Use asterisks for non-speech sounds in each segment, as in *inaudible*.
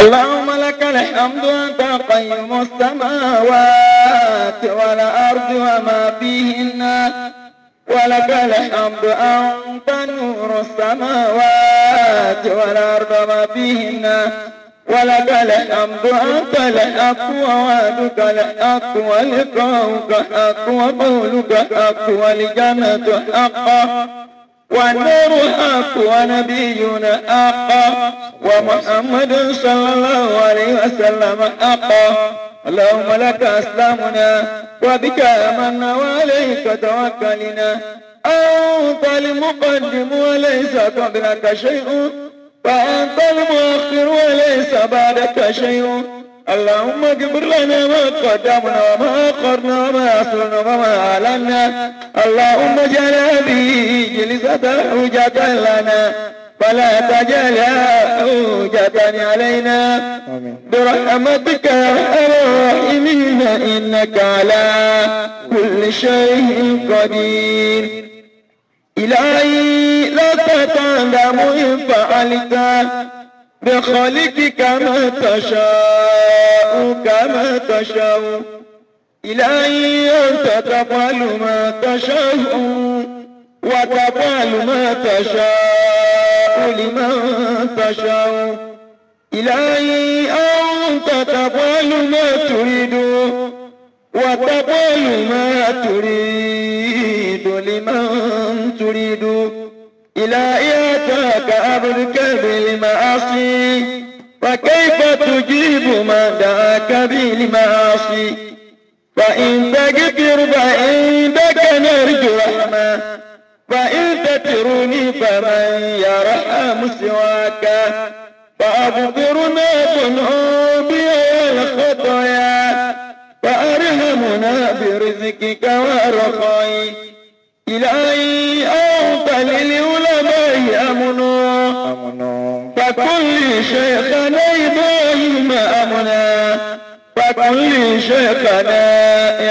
اللهم لك الحمد أنت قيم السماوات والأرض وما فيهن ولك الحمد أنت نور السماوات والأرض وما فيهن ولك الحمد أنت الحق ووعدك الحق ولقاؤك حق وقولك حق والجنة حق حق ونبينا أقى ومحمد صلى الله عليه وسلم أقى اللهم لك أسلمنا وبك آمنا وعليك توكلنا أنت المقدم وليس قبلك شيء وأنت المؤخر وليس بعدك شيء اللهم اجبر لنا ما قدمنا وما أخرنا وما أسرنا وما أعلنا اللهم اجعل هذه جلسة حجة لنا فلا تجعل حجة علينا برحمتك يا الراحمين إنك على كل شيء قدير إلهي لا تتعلم إن فعلت بخلقك كما تشاء كما تشاء إلهي أنت تفعل ما تشاء وتفعل ما تشاء لمن تشاء إلهي أنت تفعل ما تريد وتفعل ما تريد لمن تريد إلهي أتاك عبدك بالمعاصي فكيف تجيب من دعاك بالمعاصي فإن تغفر فعندك نرجو رحمة فإن تترني فمن يرحم سواك فأبصرنا ذنوبي والخطايا فأرحمنا برزقك ورخائك إلهي أعط للعلماء أمنا فكل شيخنا إبراهيم أمنا فكل شيخنا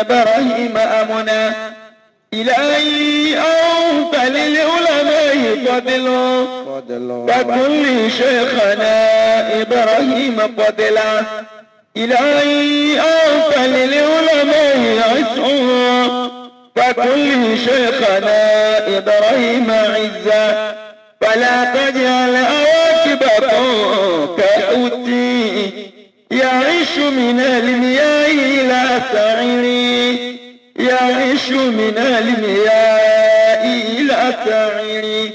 إبراهيم أمنا إلهي أعط للعلماء فضلا فكل شيخنا إبراهيم فضلا إلهي أعط للعلماء عسرا وكل شيخنا إبراهيم عزة فلا تجعل عواقبكم كأوتي يعيش من المياه إلى سعيري يعيش من المياه إلى سعيري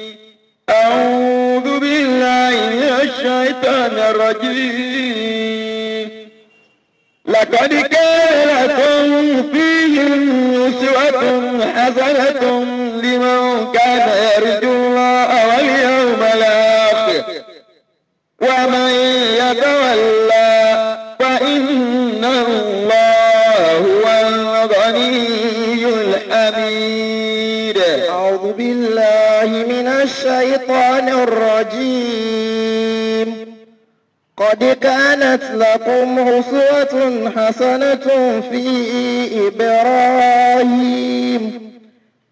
أعوذ بالله من الشيطان الرجيم لقد كان لكم فيهم أسوة حسنة لمن كان يرجو الله واليوم الآخر ومن يتولى فإن الله هو الغني الحميد أعوذ بالله من الشيطان الرجيم قد كانت لكم أسوة حسنة في إبراهيم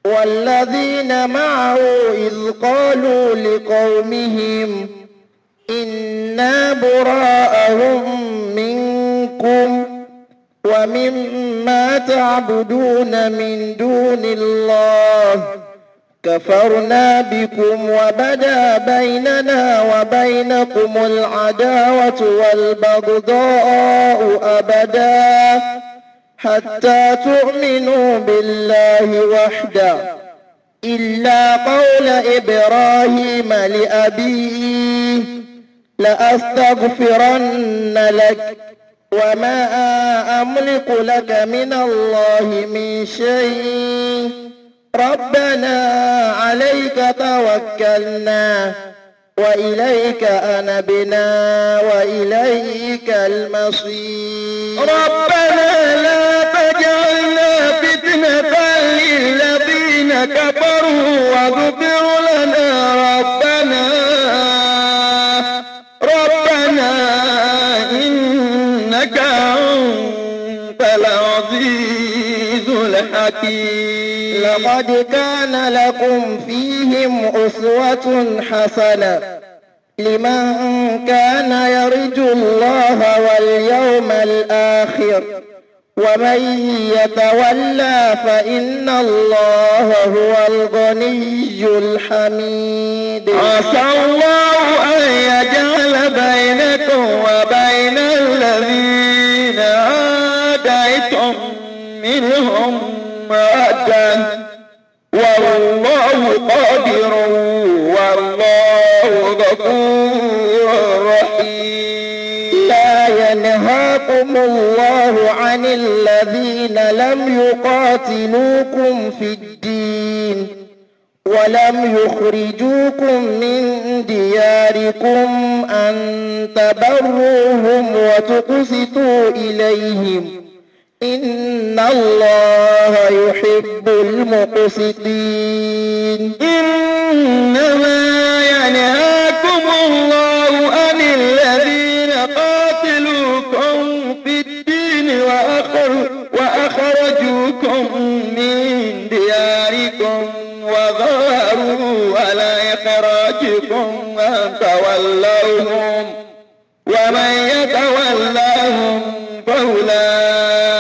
والذين معه إذ قالوا لقومهم إنا براء منكم ومما تعبدون من دون الله كفرنا بكم وبدا بيننا وبينكم العداوة والبغضاء أبدا حتى تؤمنوا بالله وحده إلا قول إبراهيم لأبيه لأستغفرن لك وما أملك لك من الله من شيء ربنا عليك توكلنا وإليك أنبنا وإليك المصير ربنا لا تجعلنا فتنة للذين كفروا واغفر لنا الحكيم لقد كان لكم فيهم أسوة حسنة لمن كان يرجو الله واليوم الآخر ومن يتولى فإن الله هو الغني الحميد عسى الله أن يجعل بينكم وبين الذين عاديتم منهم مادا والله قادر والله غفور رحيم لا ينهاكم الله عن الذين لم يقاتلوكم في الدين ولم يخرجوكم من دياركم أن تبروهم وتقسطوا إليهم إن الله يحب المقسطين إنما ينهاكم الله عن الذين قاتلوكم في الدين وأخر وأخرجوكم من دياركم وظهروا على إخراجكم أن تولوهم ومن يتولهم فأولئك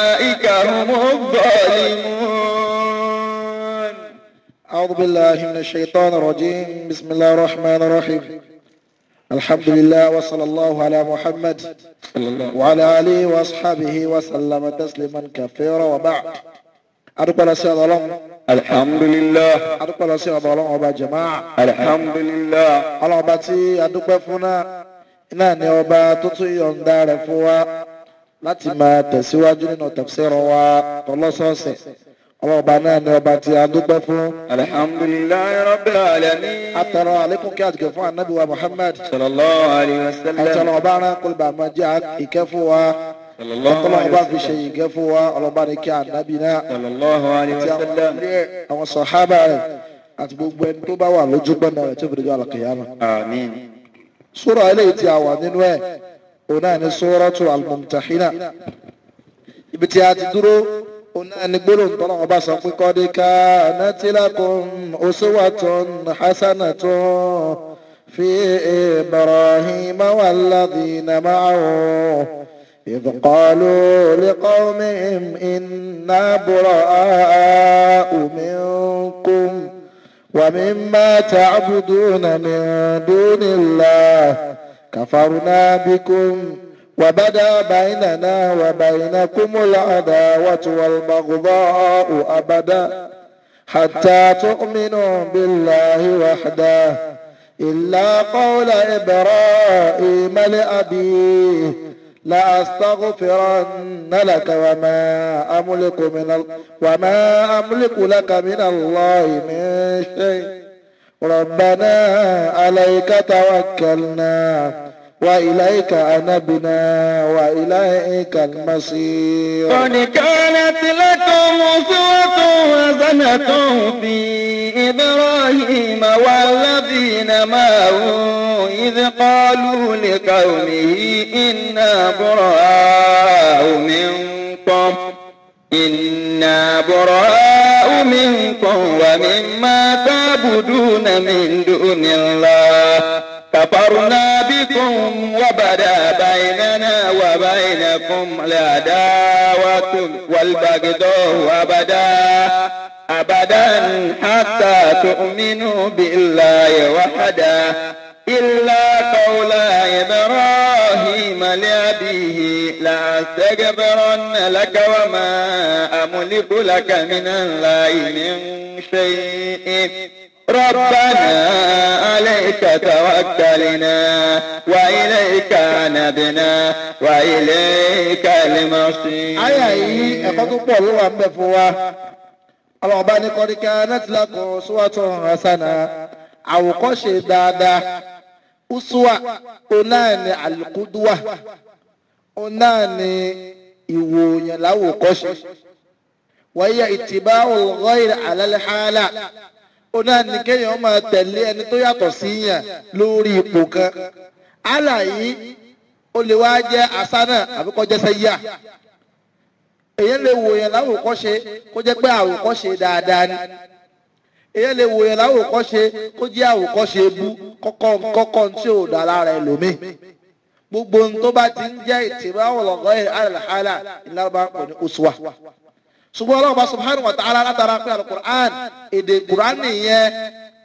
أعوذ بالله من الشيطان الرجيم بسم الله الرحمن الرحيم الحمد لله وصلى الله على محمد وعلى آله وأصحابه وسلم تسليما كثيرا وبعد أرقل سيد الله الحمد لله أرقل سيد الله وبا جماعة الحمد لله الله باتي أدوك فنا إنا نيوبا تطي يندار فوا láti máa tẹ̀síwájú nínú tafsir àwọn ọba náà ni ọba tí a dúpẹ́ fún. alhamdulilayi rabbil alamin. atọrọ alekun kí àtìkẹ fún anabi wa muhammad. sallallahu alayhi wa sallam. ẹ̀sán ọba ara kọlùbà máa jẹ́ ìkẹ́ fún wa. ọkọlọ ọba fi ṣe ìkẹ́ fún wa ọlọ́ba ni kí anabi náà. sallallahu alayhi wa sallam. àwọn sọ̀hábà rẹ̀ àti gbogbo ẹni tó bá wà lójú gbọ́dọ̀ rẹ̀ tó fi dìjọ́ alàkìyàmà. àmín. sura eléyìí tí a nínú ẹ̀ òun náà ni suratu al ona ni gbólóhùn tọ́lá ọba sọ pé kọ́dí ká nátìlákùn uswatun hasanatun fi ibrahim wà ládìínà máa إذ قالوا لقومهم إنا براء منكم ومما تعبدون من دون الله كفرنا بكم وبدا بيننا وبينكم العداوة والبغضاء أبدا حتى تؤمنوا بالله وحده إلا قول إبراهيم لأبيه لأستغفرن لك وما أملك من ال... وما أملك لك من الله من شيء ربنا عليك توكلنا وإليك أنبنا وإليك المصير قد كانت لكم أسوة حسنة في إبراهيم والذين معه إذ قالوا لقومه إنا براء منكم إنا براء منكم ومما تعبدون من دون الله كفرنا بكم وبدا بيننا وبينكم العداوة والبغضاء أبدا أبدا حتى تؤمنوا بالله وحدا إلا قول إبراهيم لأبيه لا أستغفرن لك وما أملك لك من الله من شيء ربنا عليك توكلنا وإليك نبنا وإليك المصير àyá yìí ẹ̀kọ́ tó pọ̀ ló wà ń bẹ fún wa ọlọ́run bá ní kọ́ríkà nẹ́tìlákùn ṣúwàtún hasana àwòkọ́ṣe dáadáa uswa onáàni alukuduwa onáàni ìwòyàn láwòkọ́ṣe wáyé ìtìbá olùkọ́ ìrẹ̀ alẹ́ ọ̀nà ni kéèyàn máa tẹ̀lé ẹni tó yàtọ̀ sí yàn lórí ipò kan aláyí ó lè wá jẹ́ asánà àbí kó jẹ́ sẹ́yà èyàn lè wò yàn láwòkọ́ṣe kó jẹ́ pé àwòkọ́ṣe dáadáa ni èyàn lè wò yàn láwòkọ́ṣe kó jẹ́ àwòkọ́ṣe ebú kọ́kọ́ kọ́kọ́ tí ò dá lára ẹlòmíì gbogbo ohun tó bá ti ń jẹ́ ìtìmọ̀ ọ̀lọ́gọ́ ẹ̀ àlàhálà ìlànà pẹ̀lú uswa ṣùgbọ́n ọlọ́run bá subhanahu wa ta'ala látara pé alukur'an èdè kur'an nìyẹn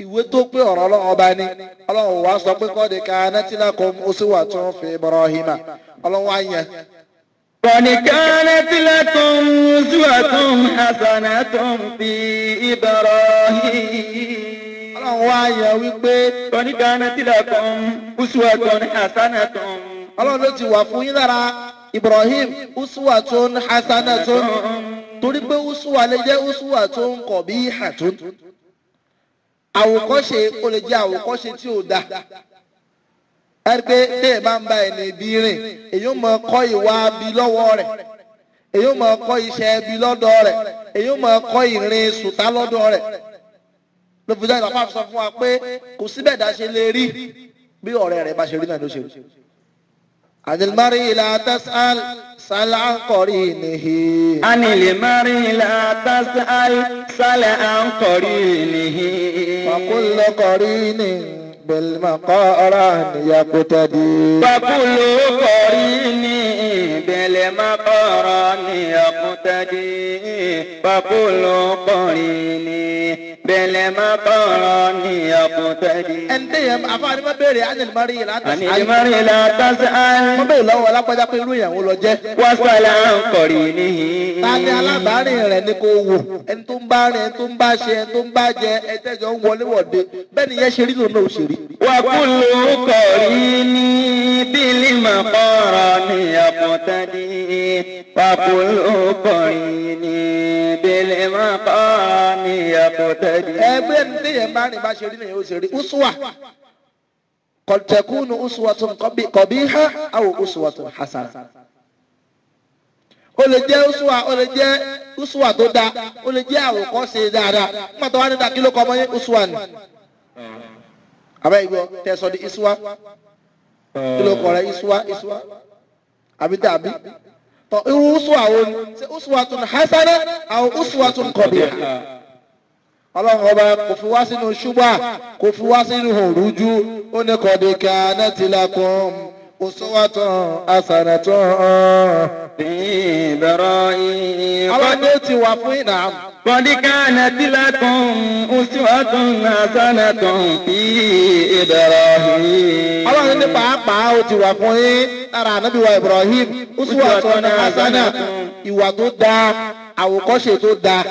ìwé tó pé ọ̀rọ̀ ọlọ́run ọba ni ọlọ́run wa sọ pé kọ́ọ̀dì kanat lakum uswatun fi Ibrahima ọlọ́run wa yẹn. kọ́ọ̀dì kanat lakum uswatun hasanatun fi Ibrahima ọlọ́run wá yẹ wípé. kọ́ọ̀dì kanat lakum uswatun hasanatun. ọlọ́run ló ti wà fún yín lára. Ibrahim uswatun hasanatun torí pé uswa lè jẹ́ uswatun qabihatun àwòkọ́ṣe ó lè jẹ́ àwòkọ́ṣe tí ò dáa ẹni pé téè bá ń bá ẹni bí rìn èyí mọ kọ́ ìwà bí lọ́wọ́ rẹ̀ èyí mọ kọ́ iṣẹ́ bí lọ́dọ̀ rẹ̀ èyí mọ kọ́ ìrìn sùtá lọ́dọ̀ rẹ̀ lọ́fíìsì àgbà fún wa pé kò síbẹ̀ dá ṣe lè rí bí ọ̀rẹ́ rẹ̀ bá ṣe rí náà ló ṣe rí. عن المرء لا تسأل سل عن قرينه عن المرء لا تسأل سل عن قرينه وكل قرين بالمقارن يقتدي وكل قرين بالمقارن يقتدي وكل قرين bẹ̀lẹ̀ má tọrọ ní ọkùnfẹ́dì. ẹnìtẹ́ yẹn àfáàní má béèrè anil mari la tasi. anil mari la tasi ayi. wọ́n béèrè lọ́wọ́ alágbájá pé irú ìyàwó lọ jẹ́. wọ́n sọ̀rọ̀ à ń tani alábàárìn rẹ̀ ni kò wò ẹni tó ń bá rẹ̀ ẹni tó ń bá ṣe ẹni tó ń bá jẹ ẹtẹ́jọ́ ń wọlé wọ̀de bẹ́ẹ̀ ni yẹn ṣe rí lòun náà ṣe rí. wàkúlù kọ̀rì ní bílí mọ̀kọ́rọ̀ ní ọkùnfẹ́dì. wàkúlù kọ̀rì ní bílí mọ̀kọ́rọ̀ ní ọkùnfẹ́dì tẹ̀lé. ẹgbẹ́ níyẹn bá rìn bá ṣe rí nìyẹn ó ṣe rí uswa kọ̀tẹ̀kùnù uswatun kọ̀bíhá àwọn uswatun hasana. ó lè jẹ́ uswa ó lè jẹ́ uswa tó dáa ó lè jẹ́ àwòkọ́ṣe dáadáa nígbà tó wá nígbà kí ló kọ́ ọmọ yín uswa ni. àbẹ́ ìgbọ́ tẹ̀sán ní iswa kí ló kọ̀ rẹ̀ iswa iswa àbí tàbí tọ̀ irú uswa wo ni uswatun hasana àwọn uswatun kọ̀bíhá ọlọ́run ọba kò fi wá sínú ṣúgbà kò fi wá sínú òrújú ó ní kọ̀díkà nẹ́tìlákùn òṣùwàtàn àṣàrẹ̀tàn Ibrahim. ọlọ́run ló ti wà fún ìnà. kọ̀díkà nẹ́tìlákùn òṣùwàtàn àṣàrẹ̀tàn bí Ibrahim. ọlọ́run ní pàápàá ó ti wà fún yín lára ànábìwá Ibrahim òṣùwàtàn àṣàrẹ̀tàn ìwà tó dáa àwòkọ́ṣe tó dáa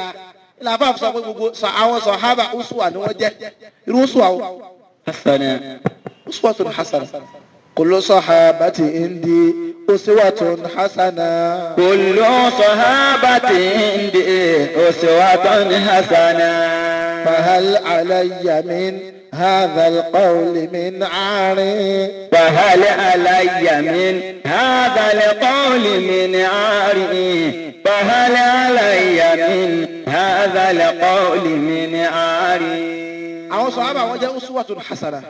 ilà bá sọ pé gbogbo sọ àwọn sọ hábà uswa ni wọ́n jẹ́ irú uswa o hasana uswa tó hasana kullu sahabati indi uswatun hasana. kullu sahabati indi uswatun hasana. fahal alayya min. هذا القول من عاري فهل علي من هذا القول من عاري فهل علي من hadha laqawli min ari. àwọn sàhábà wọn jẹ́ uswatun hasana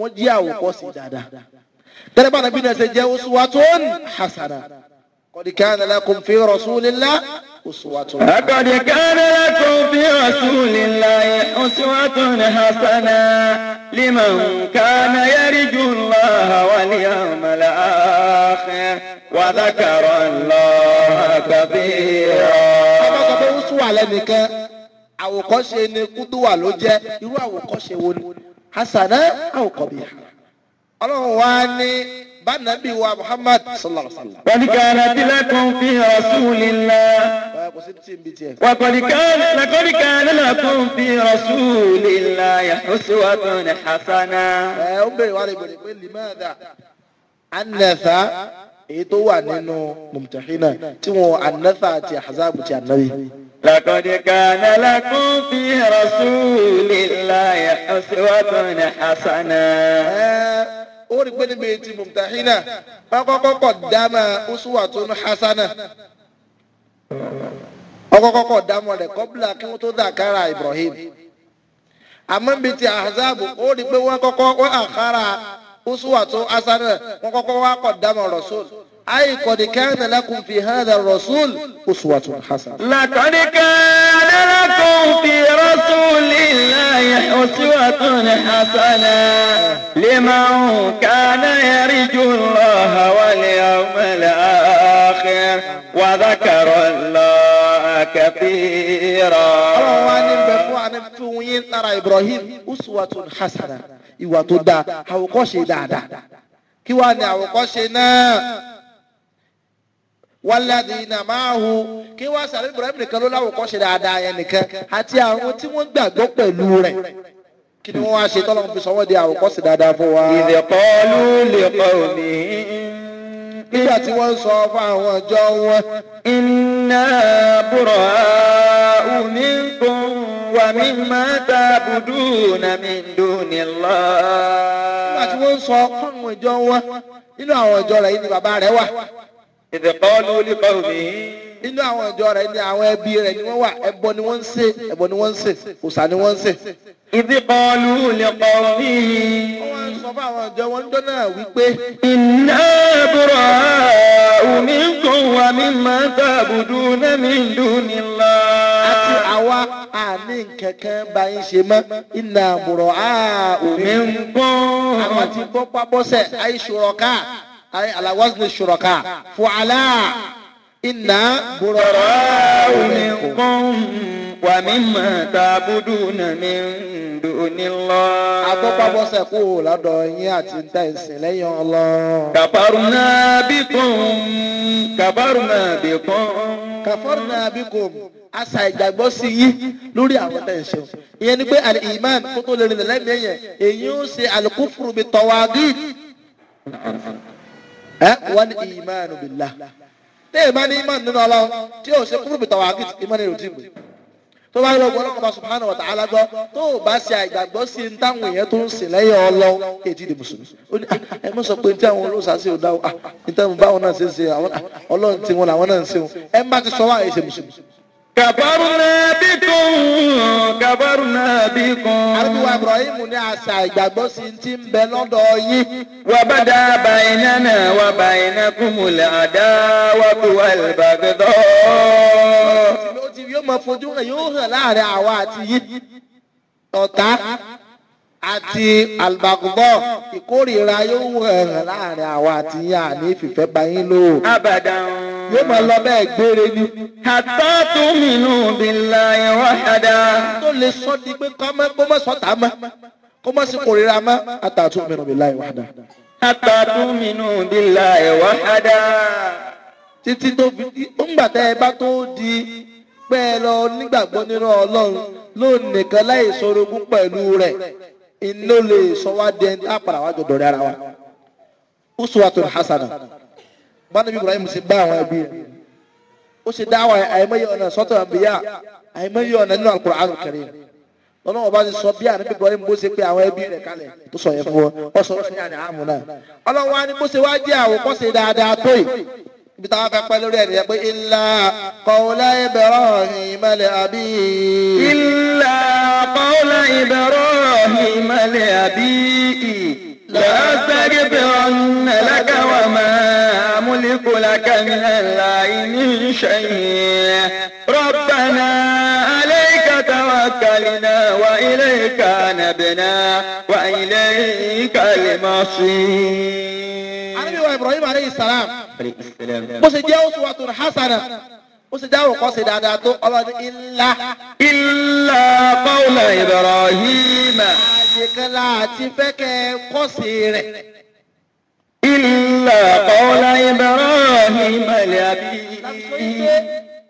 wọ́n jẹ́ àwòkọ́ṣe dáadáa gẹ́gẹ́ bá nàbí náà ṣe jẹ́ uswatun hasana. قد كان لكم في رسول الله أسوة لقد كان لكم في رسول الله أسوة حسنة لمن كان يرجو الله واليوم الآخر وذكر الله كثيرا ẹnìkan àwòkọ́ṣe ni kúdùwà ló jẹ́ irú àwòkọ́ṣe wo ni hasana àwòkọ́bíyà ọlọ́run wa ní bánàbí wa muhammad sallallahu alaihi wa sallam. wàlí kàrà tí lákàn fi rasulillah. wàkọ̀lì kàrà lakọ̀lì kàrà lákàn fi rasulillah uswatun hasana. ẹ ó bèrè wàlẹ̀ bèrè pé limadha anatha èyí tó wà nínú mumtahina tí wọn anatha àti ahzab ti ànábì. لقد كان لكم في رسول الله أسوة حسنة ó rí pé níbi tí mùtàhínà bá kọ́kọ́ kọ̀ dáma usuwa tó ní hasana ọkọ́kọ́ kọ̀ dáma rẹ̀ kọ́bílà kí wọ́n tó dàkára Ibrahim àmọ́ níbi tí ahazabu ó rí pé wọ́n kọ́kọ́ wọ́n àkàrà usuwa tó hasana wọ́n kọ́kọ́ wá kọ̀ dáma Rasul. أي قد كان لكم في هذا الرسول أسوة حسنة لقد كان لكم في رسول الله أسوة حسنة لمن كان يرجو الله واليوم الآخر وذكر الله كثيرا fúnyín lára Ibrahim uswatun hasana ìwà tó dáa àwòkọ́ṣe dáadáa kí wàá ní àwòkọ́ṣe náà. wàlẹ́dìínà máa hu kí wọ́n sàrẹ́ Ibrahim nìkan ló láwòkọ́ ṣe dáadáa yẹn nìkan àti àwọn tí wọ́n gbàgbọ́ pẹ̀lú rẹ̀ kí ni wọ́n á ṣe tọ́lọ́ fi sanwó di àwòkọ́ sí dáadáa fún wa. ìdẹ̀kọ́lù lè kọ́ òní. nígbà tí wọ́n sọ fún àwọn ọjọ́ wọn. iná búrọ̀ omi ń kún wà mí máa ta bùdú nàmí dùnìlá. nígbà tí wọ́n sọ fún àwọn ọjọ́ wọn nínú àwọn ọjọ́ rẹ̀ yìí ni bàbá rẹ̀ wà ìdẹ̀kọ́lù olùkọ́hùnmí. nínú àwọn ìjọ rẹ̀ ni àwọn ẹbí rẹ̀ ni wọ́n wà ẹbọ ni wọ́n ń ṣe ẹbọ ni wọ́n ń ṣe òòṣà ni wọ́n ń ṣe. ìdẹ̀kọ́lù olùkọ́hùnmí. wọ́n sọ fún àwọn ìjọ wọn lọ́jọ́ náà wípé. iná búrọ̀ omi ń kó wa mi máa tàbùdù náà mi dùn ní lọ. àti àwa àní kẹ̀kẹ́ bá yín ṣe mọ́ iná búrọ̀ omi ń kó. àwọn ti gbọ́ pábọ́sẹ̀ àìṣòro káà. أي على وزن الشركاء فعلاء إن براء منكم ومما تعبدون من دون الله أبقى وسقول أدعيات لي الله كفرنا بكم كفرنا بكم كفرنا بكم àṣà ìgbàgbọ́ sí yín lórí àwọn tẹ̀ ń ṣe ìyẹn ni pé al-iman kó tó lè èyí ó ṣe al-kufru bi ẹ wọ́n ní ìmánu bìlá tí iman ní ìmánu nínú ọlọ́run tí yóò ṣe kúrò bìtàwà àgìt ìmánu yóò dìbò tó bá lọ gbọ́dọ̀ kọ́ba subhanahu wa ta'ala gbọ́ tó o bá ṣe àgbàgbọ́ sí ní táwọn èèyàn tó ń sìn lẹ́yìn ọlọ́run èdè ìdè mùsùlùmí ó ní ẹ mọ̀ sọ pé ní tí àwọn olóòṣà sí ọ̀dà ní táwọn báwọn náà ṣe ń ṣe ọlọ́run tí wọn làwọn náà ń ṣe wọn ẹ má ti sọ wá àyè ṣe mùsùlùmí kàbárùnà bíkùn kàbárùnà bíkùn. àdúrà ibrahim ní àṣà ìgbàgbọ́ sí ti ń bẹ lọ́dọ̀ yín. wà á bá dá bàyìnánà wà bàyìnákùmùlẹ̀ àdá wà tó wà lùbàgbẹ́dọ́. ó ti yóò mọ fojú rẹ̀ yóò hàn láàrin àwa àti yín. ọ̀tá àti àlùbàgùbọ̀ ìkórìíra yóò wọ ẹ̀rẹ̀ láàrin àwa àti yín àní fìfẹ́ bá yín lò. abadan. yóò máa lọ bẹ́ẹ̀ gbére ni. hatta tu'minu billahi wahada. tó lè sọ di pé kọ́ mọ́ kó mọ́ sọ́tà mọ́ kó mọ́ sí kórìíra mọ́ hatta tu'minu billahi wahada. hatta tu'minu billahi wahada. títí tó fi di ó ń ẹ bá tó di pé ẹ lọ nígbàgbọ́ nínú ọlọ́run lónìí kan láì ṣorogún iná lè sọ wá di ẹni tá a padà wá jọ dọ̀rẹ́ ara wa uswatun hasana banabi ibrahim sì bá àwọn ẹbí rẹ̀ ó sì dá àwọn àìmọye ọ̀nà sọ́tọ̀ àbíyá àìmọye ọ̀nà nínú alukur'an karim lọ́nà ọba ti sọ bí ànábì ibrahim bó ṣe pé àwọn ẹbí rẹ̀ kalẹ̀ tó sọ yẹn fún ọ ọ sọ ọ sọ yẹn àmúna ọlọ́wọ́ á ní bó ṣe wá jẹ́ àwòkọ́ṣe dáadáa tó ibi táwọn fẹ́ pẹ́ lórí ẹ̀rí ẹ pé ilà kọ́ọ̀lá Ibrahim lè àbí. ilà kọ́ọ̀lá Ibrahim lè àbí. lọ́sẹ̀gì bẹ̀rọ̀ nàlákà wà máa múlíkù lákà ní ẹ̀là ìní ṣẹ̀yìn. ربنا عليك توكلنا وإليك نبنا وإليك المصير anabi ibrahim aleyhi salam bó ṣe jẹ́ uswatun hasana ó sì dáhùn kọ́ sí dáadáa tó ọlọ́dún ilá. ilá ibrahim. àṣekẹ́lá àti fẹ́kẹ́ kọ́ sí rẹ̀. ilá qawla ibrahim alẹ́ àbí.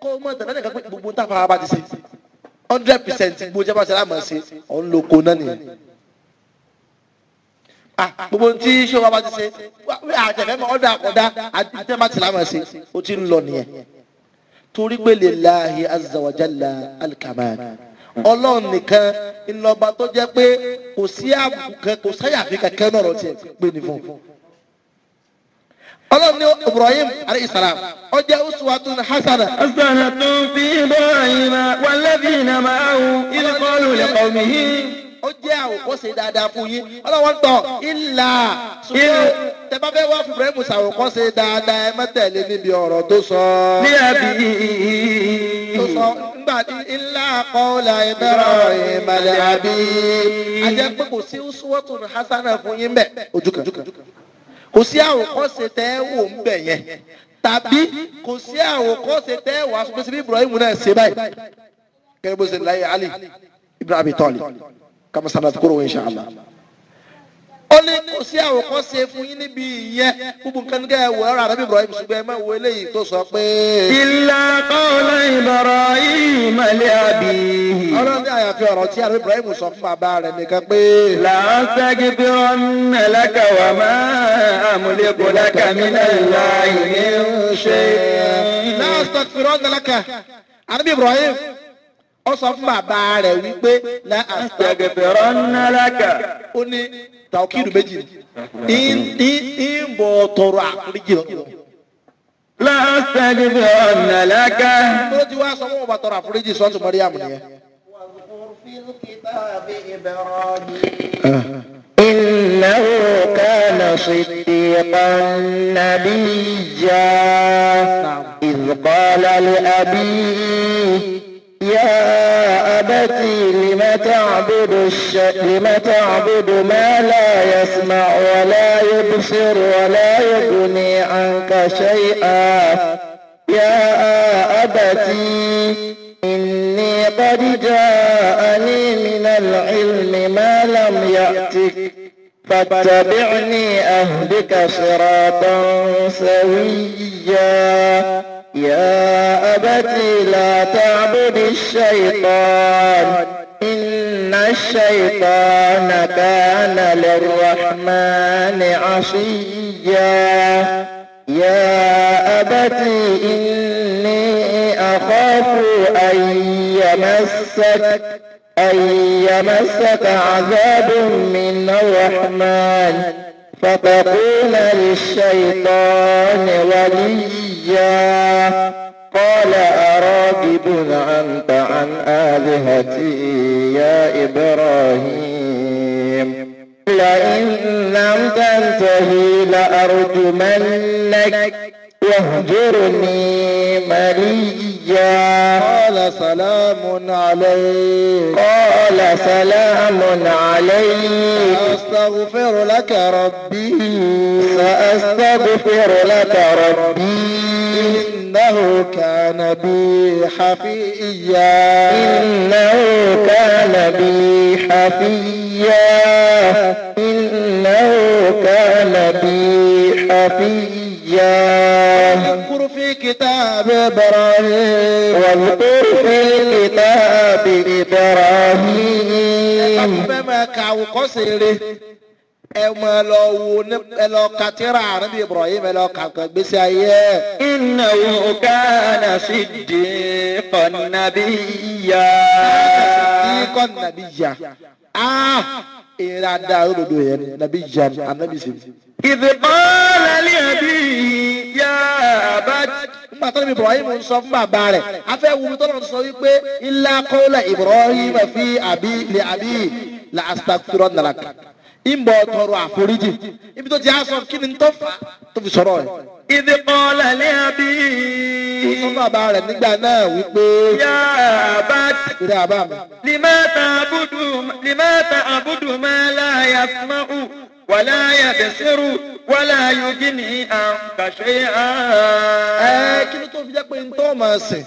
kó o mọ tẹ̀lé nìkan pé gbogbo ń tà fara bá ti ṣe. hundred percent gbogbo jẹ́ bá ṣe láàmú ṣe ọ̀n lóko náà nìyẹn. Ah, gbogbo ntí sọba bá ti ṣe àtẹ̀fẹ́ mọ́ ọ̀dà àkọ́dá àtẹ̀fẹ́ má ti là máa ṣe ó ti ń lọ nìyẹn torí pé lillahi azza wa jalla alkamal ọlọ́run nìkan ńlọba tó jẹ́ pé kò sí àbùkẹ́ kò sáyàfi kankan náà rọ̀ tiẹ̀ pé ní fún ọlọ́run ní ibrahim alayhi salam ó jẹ́ uswatun hasana. hasanatun fi ibrahim wal ladhina ma'ahu idh qalu liqawmihim ó jẹ́ àwòkọ́ṣe dáadáa fún yín ọlọ́wọ́n tọ̀ ìlà ṣùgbọ́n tẹ́bá fẹ́ wá fún Ibrahim ṣàwòkọ́ṣe dáadáa ẹ mẹ́tẹ̀lé níbi ọ̀rọ̀ tó sọ. ní ẹbí tó sọ nígbà tí ìlà kọ́ọ̀lá Ibrahim ìmàlẹ̀ àbí. a jẹ́ pé kò sí uswatun hasana fún yín bẹ́ẹ̀ ojú kan kò sí àwòkọ́ṣe tẹ́ wò ń bẹ̀ yẹn tàbí kò sí àwòkọ́ṣe tẹ́ wàá sọ pé síbí Ibrahim náà ṣe báyìí kẹ́rẹ́bó ṣe láyé Ali ibn Abi kama sanadhkuruhu insha Allah. ó ní kò sí àwòkọ́ṣe fún yín níbi ìyẹn gbogbo nǹkan nígbà ẹ̀wọ̀ ọ̀rọ̀ àrẹ́bí Ibrahim ṣùgbọ́n ẹ máa wo eléyìí tó sọ pé. illa qawla Ibrahim li abihi. ọlọ́run ní àyàfi ọ̀rọ̀ tí àrẹ́bí Ibrahim sọ fún bàbá rẹ̀ nìkan pé. la astaghfiranna laka wa ma amliku laka minallahi min shay'. la astaghfiranna laka àrẹ́bí Ibrahim ó sọ fún bàbá rẹ̀ wípé la àtàgẹ̀fẹ̀rọ̀ nálága ó ní tàókìrù méjì ní ìbọ̀ tọrọ àforíjì lọ́wọ́. la àtàgẹ̀fẹ̀rọ̀ nálága. tó ti wá sọ fún bàbá tọrọ àforíjì sọ́ọ́tù mọ́ríyàmù nìyẹn. إنه كان صديقا نبيا إذ قال لأبيه أمتي لم تعبد, الش... لم تعبد ما لا يسمع ولا يبصر ولا يغني عنك شيئا يا أبتي إني قد جاءني من العلم ما لم يأتك فاتبعني أهدك صراطا سويا يا أبتي لا تعبد الشيطان إن الشيطان كان للرحمن عصيا يا أبتي إني أخاف أن يمسك أن يمسك عذاب من الرحمن فتكون للشيطان وليا قال أراغب أنت عن آلهتي يا إبراهيم لئن لم تنتهي لأرجمنك يهجرني مليا قال سلام عليك قال سلام عليك سأستغفر لك ربي سأستغفر لك ربي إنه كان بي حفيا إنه كان بي حفيا إنه كان بي حفيا الأيام واذكر في كتاب إبراهيم واذكر في كتاب إبراهيم ما كعو قصره ẹ mọ lọ wo ní ẹ lọ ka tírà ànábì ibrahim ẹ lọ ka nǹkan gbèsè ayé. iná wo kánà sí di kọ̀nàbíyà. kọ̀nàbíyà era daaro do yen nabi jan annabi sim idh qala li abihi ya abat ma tan mi ibrahim ń sọ fún bàbá rẹ̀ a fẹ́ wu tó lọ́n sọ wí pé illa qawla ibrahim fi abi li abi la astaghfirunna lak in bo àforíjì ibi tó ti a sọ kíni tó fà tó fi sọ̀rọ̀ ẹ̀. ìdí kọ́lá ní abí. ó fún bàbá rẹ̀ nígbà náà wípé. yá bá ti. ìrẹ́ àbá mi. limata abudu limata abudu ma la yasma'u wàlá yabsiru wàlá yugini anka shay'a. ẹ kí ló tó fi jẹ́ pé ntọ́ máa sìn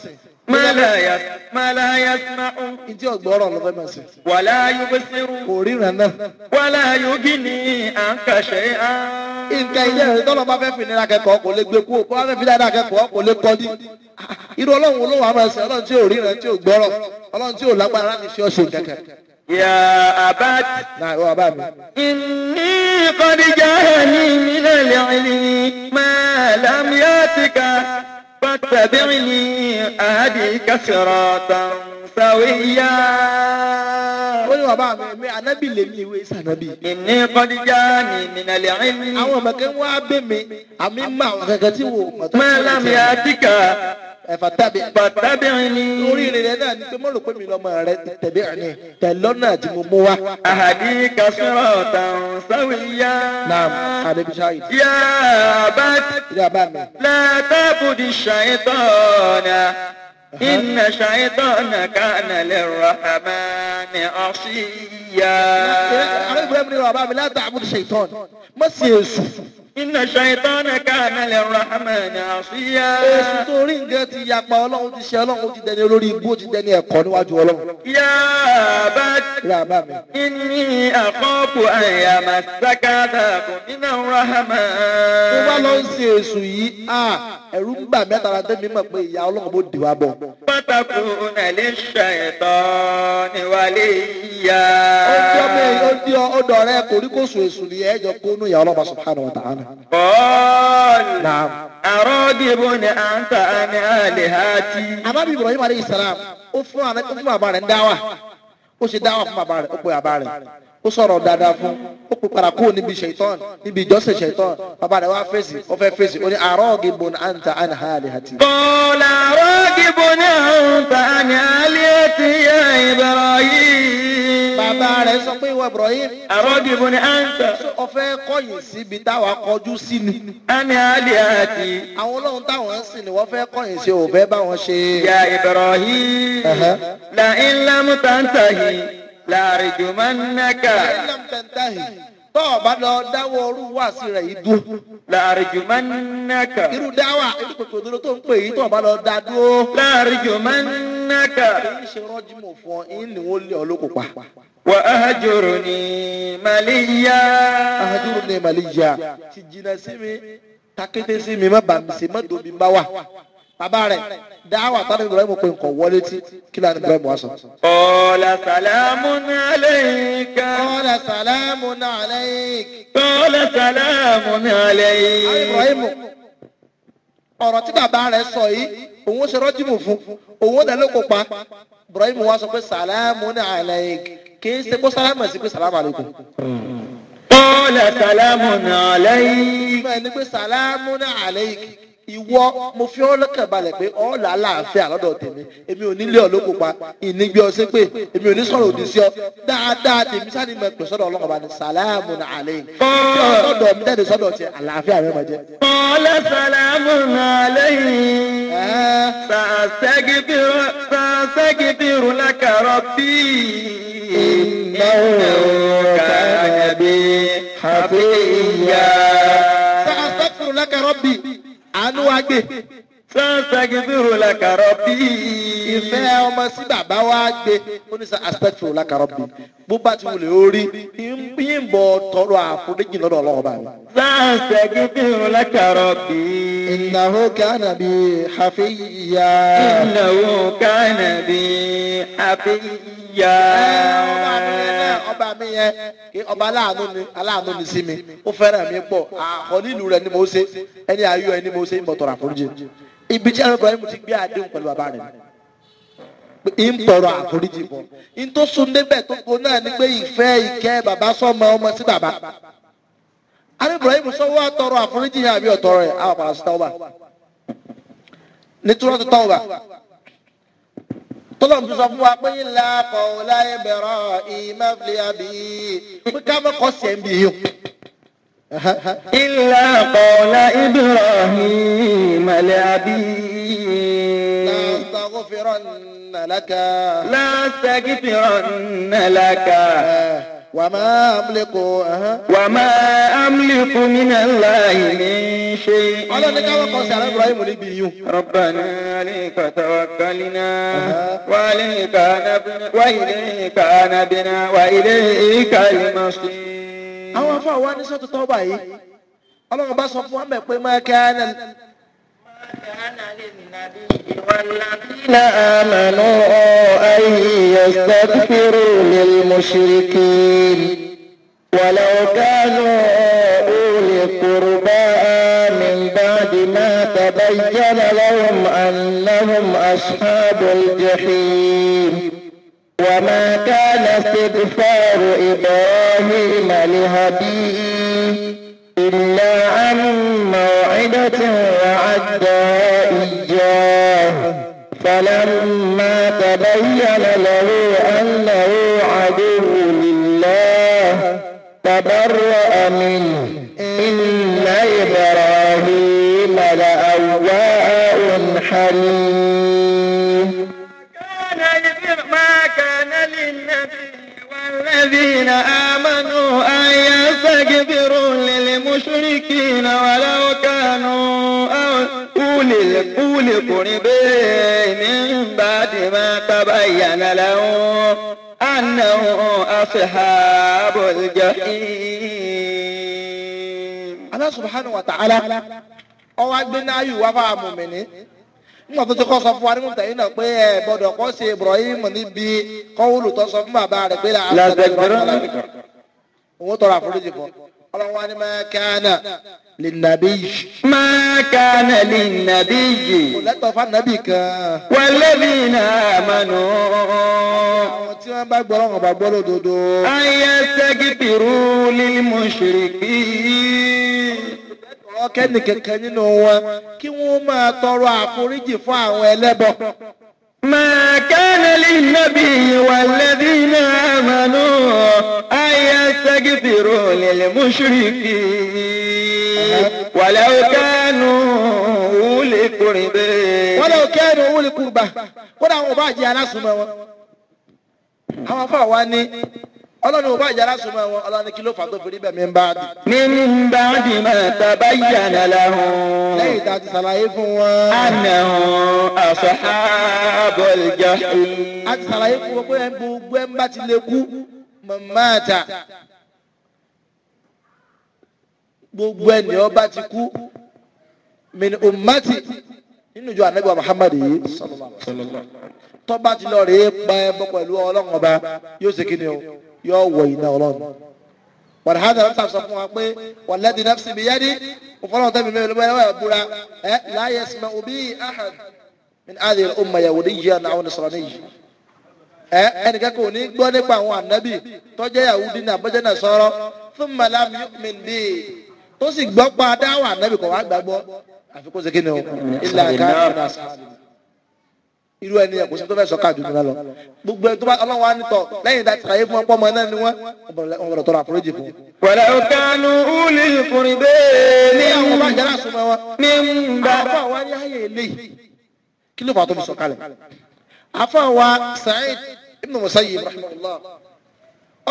mọ́láyà mọ́láyà sinahu. ìdí ọ̀gbọ́rọ̀ ló fẹ́ máa ṣe. wàlá yóò fi ṣerú. kò ríran náà. wàlá yóò gí ni à ń kàṣe á. nǹkan ilé rẹ̀ tọ́lọ́ bá fẹ́ fi nira kẹ́kọ̀ọ́ kò lè gbé kú bá fẹ́ fi dáadáa kẹ́kọ̀ọ́ kò lè kọ́dí. irú ọlọ́run olówó àwọn ẹ̀sìn ọlọ́run tí ò ríran tí ò gbọ́rọ̀ ọlọ́run tí ò lágbára láti ṣe ọ̀ṣẹ̀ kẹ̀kẹ́. yà abad. na ìwọ bàbá mi. inni qad ja'ani min al-ilmi ma lam yatika. فاتبعني أهديك صراطا سويا wọ́n ní bàbá mi mi ànábì lèmi ìwé sànábì. ìní kọ́díjà ni minali ẹni. àwọn ọmọ kẹ́kẹ́ wá bẹ̀ mi àmì máa kẹ́kẹ́ tí wò. mẹ́lá mi àdìkà ẹ̀fà tàbí. Bàtàbí ẹni. Orí rẹ̀ náà ni pé mo rò pé mi lọ́mọ rẹ̀ tẹ̀lé ẹni tẹ̀lọ́nà tí mo mú wa. Àhàdí kasọ́rọ̀ tàn sáwìyá. Naam, Adébí Ṣáyid. Yá bá. Ilé àbá mi. Látàbùdì ṣàìtọ́nà. إن شيطان كان للرحمن عصيا. أنا أقول يا ابن لا تعبد الشيطان. ما سيسو iná ṣàìtánà káàná lè rahman àṣìyá. èsì torí nǹkan ti yapa ọlọ́run ti ṣe ọlọ́run ti dẹni olórí ibú ti dẹni ẹ̀kọ́ níwájú ọlọ́run. yá bá rà bá mi. inú àkọ́kù àyà màsákàtà kò nínú rahman. tó bá lọ ń ṣe èṣù yìí ẹ̀rú ń gbà mẹ́ta la tẹ́ mi mọ̀ pé ìyá ọlọ́run bó dì wá bọ̀. pátákó nàlẹ́ ṣàìtánì wálé yá. ó dọ́ ọ̀dọ̀ rẹ قال نعم أراغب أنت عن آلهتي Ànábì Ibrahim alayhi salam ó fún bàbá rẹ̀ ń dáwà ó ṣe dáwà fún bàbá rẹ̀ ó pe bàbá rẹ̀ ó sọ̀rọ̀ dáadáa fún ó kú padà kúrò níbi ṣèitán níbi ìjọsìn ṣèitán bàbá rẹ̀ wá fèsì ó fẹ́ fèsì ó ní aragibun anta an alihati. qala aragibun anta an alihati ya Ibrahim. bàbá rẹ̀ sọ pé ìwọ Ibrahim. aragibun anta. ó fẹ́ kọ̀yìn síbi táwa kọjú sí ni. an alihati. àwọn olóhùn táwọn ń sìn ni wọ́n fẹ́ kọ̀yìn sí òun fẹ́ bá wọn ṣe. ya Ibrahim. la in lam tantahi làrìjùmọ́nàkà. tọ́ ọ bá lọ dáwọ́ ọrú wáàsí rẹ̀ yìí dúró. làrìjùmọ́nàkà. irú dáwà irú kòkòrò dúró tó ń pè yìí tọ́ ọ bá lọ dá dúró. làrìjùmọ́nàkà. èyí ṣe rọ́jìmọ̀ fún ọ yín ni wọ́n lé ọ lóko pa. wà á hajòrò ní màlíyà. á ní màlíyà. ti jìnnà sí mi takété sí mi má bàmí sí má dòbí bá wà bàbá rẹ̀ dáhùn àtàlẹ ìgbọràn ìmọ̀ pé nǹkan wọlé tí kí lóò àdìgbò ìmọ̀ sọ. ọ̀la sàlámù alayka. ọ̀la sàlámù alayka. ọ̀la sàlámù alayka. Ibrahim ọ̀rọ̀ tí bàbá rẹ̀ sọ yìí òun ó ṣe rọ́jìmù fún òun ó dá lóko pa Ibrahim wa sọ pé sàlámù alayka kì í ṣe kó sálámù sí pé sàlámù alaykum. ọ̀la sàlámù alayka. bẹ́ẹ̀ ìwọ mo fi ọ́ lọ́kàn balẹ̀ pé ọ́ là á láàfẹ́ àlọ́dọ̀ tèmi èmi ò nílé ọ lóko pa ìnígbé ọ sí pé èmi ò ní sọ̀rọ̀ òdì sí ọ dáadáa tèmi sani mọ̀ pé sọ́dọ̀ ọlọ́kàn bá ní sàlámù ní àlẹ́ mi tẹ̀lé sọ́dọ̀ tiẹ̀ àlàáfíà mi máa jẹ́. ọ̀lẹ́ sàlámù ní àlẹ́ yìí sàṣẹ́gi bírù lákàrọ̀ bíi ìnáwó kàrẹ̀ ìyá. sàṣẹ́gi bírù lákàrọ̀ bíi àánú wa gbè. sọ́nsàgìdìrò la kàrọ̀ bíi. ìfẹ́ ọmọ sí bàbá wa gbé ó ní la kàrọ̀ bíi. bó bá ti wulẹ̀ orí yín bọ̀ tọrọ àforíjì lọ́dọ̀ ọlọ́ọ̀bá mi. sọ́nsàgìdìrò la kàrọ̀ bíi. ìnáwó kánà bí hafiya. ìnáwó kánà bí hafiya. yá. ọba mi ọba ọba ni ni mi mi pọ̀ àkọ́ nílùú rẹ ni mo ṣe ẹni ẹ ni mo ṣe ọtọrọ àforíjì ibi tí ẹ̀rọ Ibrahim ti gbé àdéhùn pẹ̀lú bàbá rẹ̀ ń àforíjì bọ̀ ń tó tó ọmọ sí bàbá Ibrahim àtọrọ àforíjì yẹn àbí àwọn ọba tọ́lọ́mù tó sọ fún wa pé ilà kọ̀ọ̀lá ẹ̀bẹ̀rọ̀ ìmọ̀fìlẹ̀ àbí pé ká mọ̀ kọ́ sẹ̀ ń bì yìí. ilà kọ̀ọ̀lá ìbẹ̀rọ̀ ìmọ̀lẹ̀ àbí. láǹtàgọ́fẹ̀rọ̀ nàlákà. láǹtàgọ́fẹ̀rọ̀ nàlákà. وما أملك وما أملك من الله من شيء ربنا عليك توكلنا وإليك وإليك نبنا وإليك المصير àwọn afọ àwọn anisọ́tò tọ́ba yìí ọlọ́run bá sọ fún wa mẹ́ pé máa kẹ́ ẹ́ والذين آمنوا أن يستغفروا للمشركين ولو كانوا أولي قرباء من بعد ما تبين لهم أنهم أصحاب الجحيم وما كان استغفار إبراهيم لهديه إلا عن موعدة أعدى إياه فلما تبين له أنه عدو لله تبرأ منه إن إبراهيم لأواء حليم ما كان للنبي والذين آمنوا أن يستكبروا للمشركين ولو لكل قرب من بعد ما تبين له أنه أصحاب الجحيم Allah subhanahu wa ta'ala ọwọ́ agbẹ́ni ayù wá fáwọn mọ̀mìnì nígbà tó ti kọ́ sọ fún wa nínú tẹ̀yìn náà pé ẹ gbọ́dọ̀ kọ́ ṣe Ibrahim níbi kọ́wúlù tó sọ fún bàbá rẹ̀ pé làásìgbẹ̀rẹ̀ òun tọrọ àforíjì fún ọlọ́wọ́n ni máa náà. للنبي ما كان للنبي والذين آمنوا tí wọ́n bá gbọ́ ọlọ́run ọba gbọ́ lódodo. ayé sẹ́gìtìrú lílí mọ̀ṣirìkì. ọ̀rọ̀ kẹ́ni kẹ̀kẹ́ nínú wọn kí wọ́n máa tọrọ àforíjì fún àwọn ẹlẹ́bọ. ما كان للنبي والذين آمنوا أن يستغفروا للمشركين wàlẹ́ òkèènù wúlì kùrìbè. wàlẹ́ òkèènù wúlì kùrìbà kódà àwọn òbá àjẹ́ alásùnmọ̀ wọn. àwọn afọ ni ọlọ́run ò bá yàrá súnmọ́ ọlọ́run kí ló fà tó ń bá ń bá máa tàbá lẹ́yìn tá a ti ṣàlàyé fún wọn. a ti gbogbo ẹni ọba ti kú min ummati nínú ìjọ anabi wa muhammad yìí tọ́ba ti lọ rèé pa ẹbọ pẹ̀lú ọlọ́run ọba yóò ṣe kí ni o yóò wọ iná ọlọ́run wàlá hàn án sàbsọ fún wa pé wàlẹ́dì nafsi bi yadi òfòlọ́wọ́ tẹ́mi mẹ́rin ló bẹ́ẹ̀ búra ẹ la yasma'u bi ahad min adìyẹ umma yahudiyya náà àwọn sọ̀rọ̀ nìyí ẹ ẹnìkan kò ní gbọ́ nípa àwọn anabi tọ́jẹ́ yahudi náà bọ́jẹ́ náà sọ̀rọ̀ thumma lam yu'min bi tó sì gbọ́ pa dáwà ànábì kọ̀ wá gbàgbọ́ àfi ṣe kí ni o ilé àká ìrìnà sáàlì irú ẹni ẹ̀kọ́ sí tó fẹ́ sọ káàdù nínú lọ gbogbo ẹni tó bá ọlọ́wọ́ á ní tọ̀ lẹ́yìn ìdá tìkàyé fún ọpọ́ ọmọ náà ni wọ́n wọn bọ̀rọ̀ tọrọ àforíjì fún. pẹ̀lẹ́ o kánú ulì kùnrin bẹ́ẹ̀ ní àwọn bá jẹ́rà súnmọ́ wọn. ní ń bá àfọ àwa ní ayé eléyìí kí ló fà á tó fi sọ kalẹ̀. àfọ àwa Sa'id ibn Musayyib rahimahullah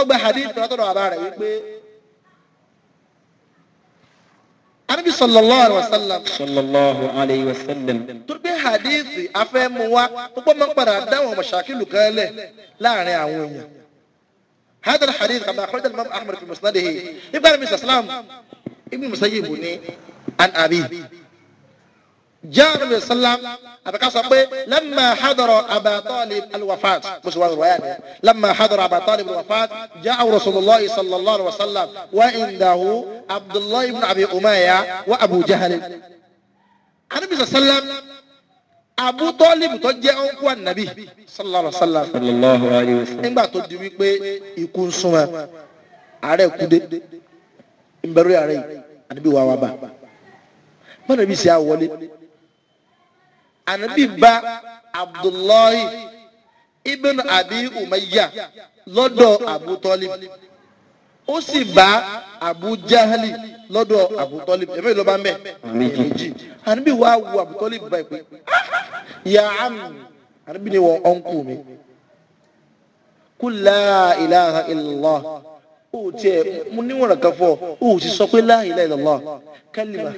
ọgbà hadith tó rà tọ̀dọ̀ àbá anabi sallallahu alayhi wa sallam. sallallahu alayhi wa sallam. turbi hadithi afẹ́ mu wa gbogbo máa ń padà dáhùn mọ̀ṣákìlù kan lẹ̀ láàrin àwọn èèyàn. هذا الحديث كما أخرج الإمام أحمد في مسنده يبقى النبي صلى الله عليه وسلم ابن مسيب عن أبيه jaaru bin salam àbí ká sọ pé lamma hadara aba talib alwafat musuwa ruwaya ni lamma hadara aba talib alwafat jaa rasulillah sallallahu alaihi wa sallam wa indahu abdullahi ibn abi umaya wa abu jahal anabi sallam abu talib tó jẹ́ ọ̀nkú anabi sallallahu alaihi wa sallam sallallahu alaihi wa sallam nígbà tó di wípé ikú ń súnmọ́ àárẹ̀ kúdé ń bẹ̀rù àárẹ̀ yìí anabi wà wà bá bọ́n nàbí sì á ànábì bá abdullahi ibn abi umayya lọ́dọ̀ abu tọ́lib ó sì bá abu jahali lọ́dọ̀ abu tọ́lib ẹ̀mí ló bá mẹ́ méjì ànábì wá wo abu tọ́lib báyìí pé ya am ànábì ni wọ́n ọ̀nkù mi kú la ilaha illallah o tiẹ̀ mo níwọ̀n kan fọ o sì sọ pé la ilaha illallah kálímà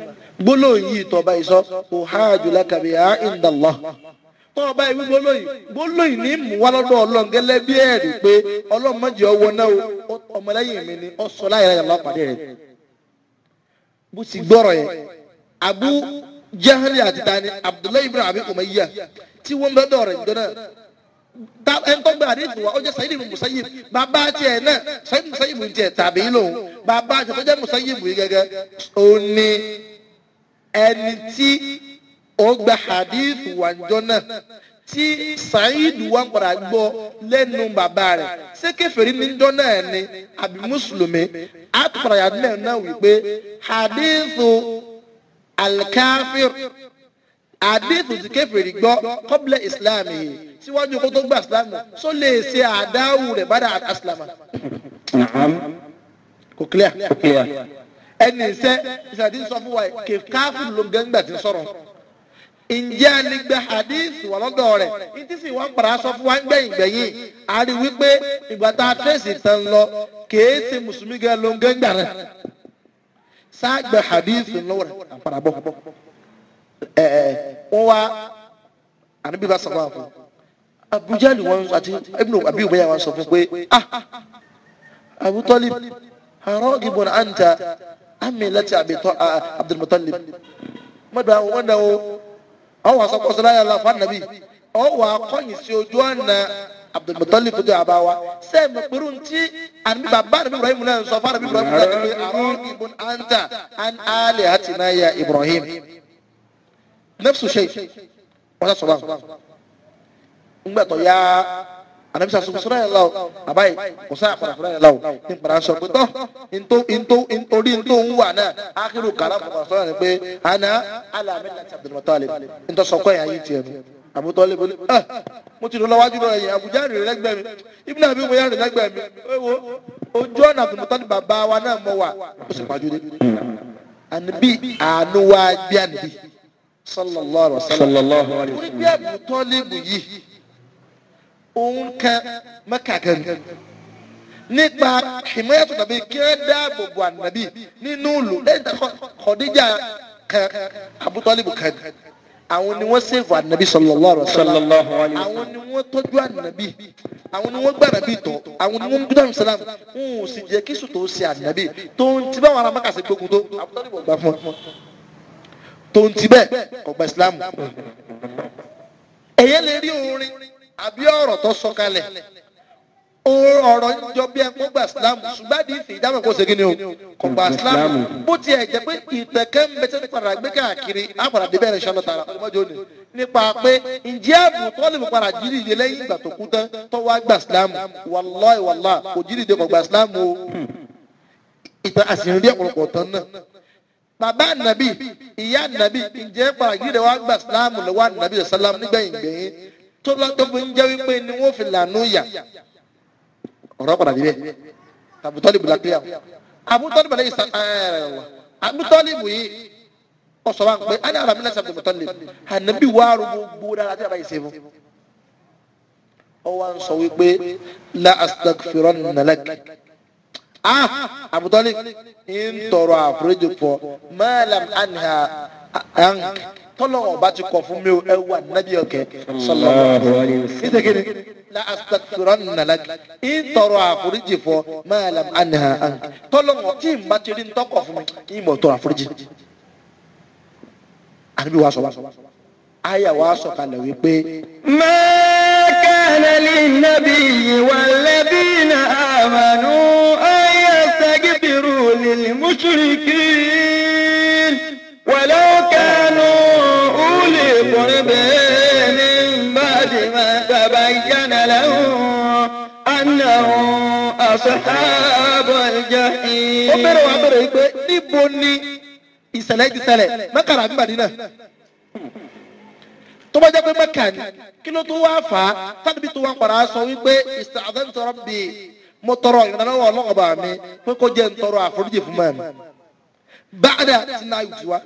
gbólóhùn yìí tó bá yìí sọ o hajju laka biha indallah tó bá yìí gbólóhùn gbólóhùn ní mú wá lọ́dọ̀ ọlọ́run gẹ́lẹ́ bí ẹ̀rí pé ọlọ́run má jẹ́ ọwọ́ náà o ọmọlẹ́yìn mi ni ọ sọ la ilaha pàdé rẹ̀ bó ti gbọ́rọ̀ yẹn Abu Jahali àti tani Abdullahi ibn Abi Umayya tí wọ́n bẹ́ dọ̀rẹ̀ dọ́nà ẹnkọgbẹ àdéhùn wa ó jẹ Sayidu Musayyib bàbá tiẹ̀ náà Sayidu Musayyib tiẹ̀ tàbí lòun bàbá tiẹ̀ tó jẹ Musayyib yìí gẹ́gẹ́ òní ẹni tí ó gba àdéhùn wa jọ náà tí Sayidu wa padà gbọ́ lẹ́nu bàbá rẹ̀ ṣé kèfèrí ní jọ náà ni àbí mùsùlùmí àtúpàdàyà mẹ́rin náà wípé àdéhùn alikafir àdéhùn ti kèfèrí gbọ́ kọbílẹ ìsìlámù yìí síwájú kó tó gba islam só lè ṣe àdáwù rẹ̀ bá dà asilama. kò clear ẹni iṣẹ́ ìṣàdí sọ fún wa kìkáàfù ló ń gẹ́gbà tí ń sọ̀rọ̀ ǹjẹ́ aligbe hadith wà lọ́dọ̀ rẹ̀ ìtí sì wọ́n para sọ fún wa ń gbẹ̀yìn gbẹ̀yìn a rí wípé ìgbà tá a fèsì tán lọ kìí ṣe mùsùlùmí gan ló ń rẹ̀ sáàgbẹ̀ hadith lọ́wọ́ rẹ̀ àparabọ̀ wọ́n wá àníbí bá sọ̀rọ̀ àfọ̀ abujali wọn àti ibnu abi ubayya wọn sọ fún pé ah abu talib aragibun anta ami lati abitọ abdul muttalib mọdọ àwọn wọn náà o àwọn asọkọsọ láyà lọ fún anabi ọwọ akọyin sí ojú ọ̀nà abdul muttalib tó yàrá wa sẹ́ẹ̀mù pẹ̀lú ntí ànàbí bàbá ànàbí ibrahim náà sọ fún ànàbí ibrahim náà pé aragibun anta an alihatina ya ibrahim nafsu shay wọn sọ báwọn ńgbà tó yá anamisa sọ fúnra yẹn lọ àbáyé kò sáà para fúnra yẹn lọ ní para sọ pé tọ ntó ntó orí ntó ń wà náà akiru kàrà kò sọ yẹn pé àná alàmì láti Abdul Muttalib ntọ́ sọkọ yẹn ayé tiẹ̀ nù Abu Talib ní ẹ ah, mo ti lọ lọ́wájú lọ ẹ̀yìn Abu Jahl rẹ̀ lẹ́gbẹ̀ẹ́ mi Ibn Abi Umayyah rẹ̀ lẹ́gbẹ̀ẹ́ mi ewo ojú ọ̀nà Abdul Muttalib bàbá wa náà mọ̀ wà ó sì pàjù dé ànibí àánú wa gbé ànibí sallallahu alaihi wasallam. orí bí Abu Talib yìí òun kan mẹ́kà kan nípa himayatu nàbí kí ẹ dáàbò bò ànàbí nínú ìlú lẹ́yìn tí Khadija kan Abu Talib kan àwọn ni wọ́n sèvù ànàbí sallallahu alaihi wasallam àwọn ni wọ́n tọ́jú ànàbí àwọn ni wọ́n gbà ànàbí tọ́ àwọn ni wọ́n gbúdọ̀ àmísàlám ń sì jẹ́ kí sùtò ó ṣe ànàbí tó ń ti báwọn ará mẹ́kà sí gbógun tó Abu Talib fún ọ tó ń ti bẹ́ẹ̀ kọ̀gbà àbí ọ̀rọ̀ tó sọ kalẹ̀ ọ̀rọ̀ ń jọ bí ẹnkọ́ gba islam ṣùgbọ́n àdìyí ti ìdáhùn kó segin ni o kò gba islam bó tiẹ̀ jẹ́ pé ìtẹ̀kẹ́ ń bẹ sẹ́ni padà gbé káàkiri àpàdà débẹ̀ rẹ̀ ṣọ́nà tààrà ọmọdé òní nípa pé ǹjẹ́ àbùn tó lè padà jírí ìdè lẹ́yìn ìgbà tó kú tán tó wá gba islam wàláì wàláì kò jírí kò gba islam o ìtẹ̀ àṣírí rí ọ̀pọ̀lọpọ̀ tán náà bàbá nàbì ìyá nàbì ǹjẹ́ padà jírí wá gba islam lọ́wọ́ nàbì sàlám nígbẹ̀yìn gbẹ̀yìn tó lọ tó fi ń jẹ́ wípé ni wọ́n fi lànà yà ọ̀rọ̀ padà níbẹ̀ àbútọ́lìbù lápẹ́yà àbútọ́lìbù lẹ́yìn sàn ẹ̀rẹ̀ wà àbútọ́lìbù yìí ó sọ wọn pé ẹni àràmì lẹ́sẹ̀ àbútọ́lìbù ànábì wà á rú gbogbo dára tí a bá yìí ṣe fún. wípé la astaghfirunna lak ah àbútọ́lìbù ń tọrọ àforíjì pọ̀ mẹ́lẹ̀m àníhà ànkì tọ́lọ̀ ọba ti kọ̀ fún mi o ẹ wà nábì ọ̀kẹ́ sallallahu alaihi wasallam. ìtẹ̀kẹ́ni la astaghfiranna lak ìtọ̀rọ̀ àforíjì fọ ma lam anha anka tọ́lọ̀ wọn tí n bá ti rí ntọ́kọ̀ fún mi kí n mọ̀ tọ̀rọ̀ àforíjì. àníbi wàá sọ wàá sọ àyà wàá sọ kalẹ̀ wípé. ma kana lin nabiyyi wal ladina amanu an yastaghfiru lil mushrikin. ashabul jahim. ó bẹ̀rẹ̀ wà bẹ̀rẹ̀ yìí pé níbo ni ìṣẹ̀lẹ̀ ti ṣẹlẹ̀ mẹ́kàrà àbí Màdínà tó bá jẹ́ pé Mẹ́kà ni kí ló tó wá fà á tábìlì tó wá ń padà sọ wípé ista'adhantu rabbi mo tọrọ ìrànlọ́wọ́ ọlọ́kọ̀ọ́bà mi pé kó jẹ́ ń tọrọ àforíjì fún mẹ́rin báadà tí náà yìí ti wá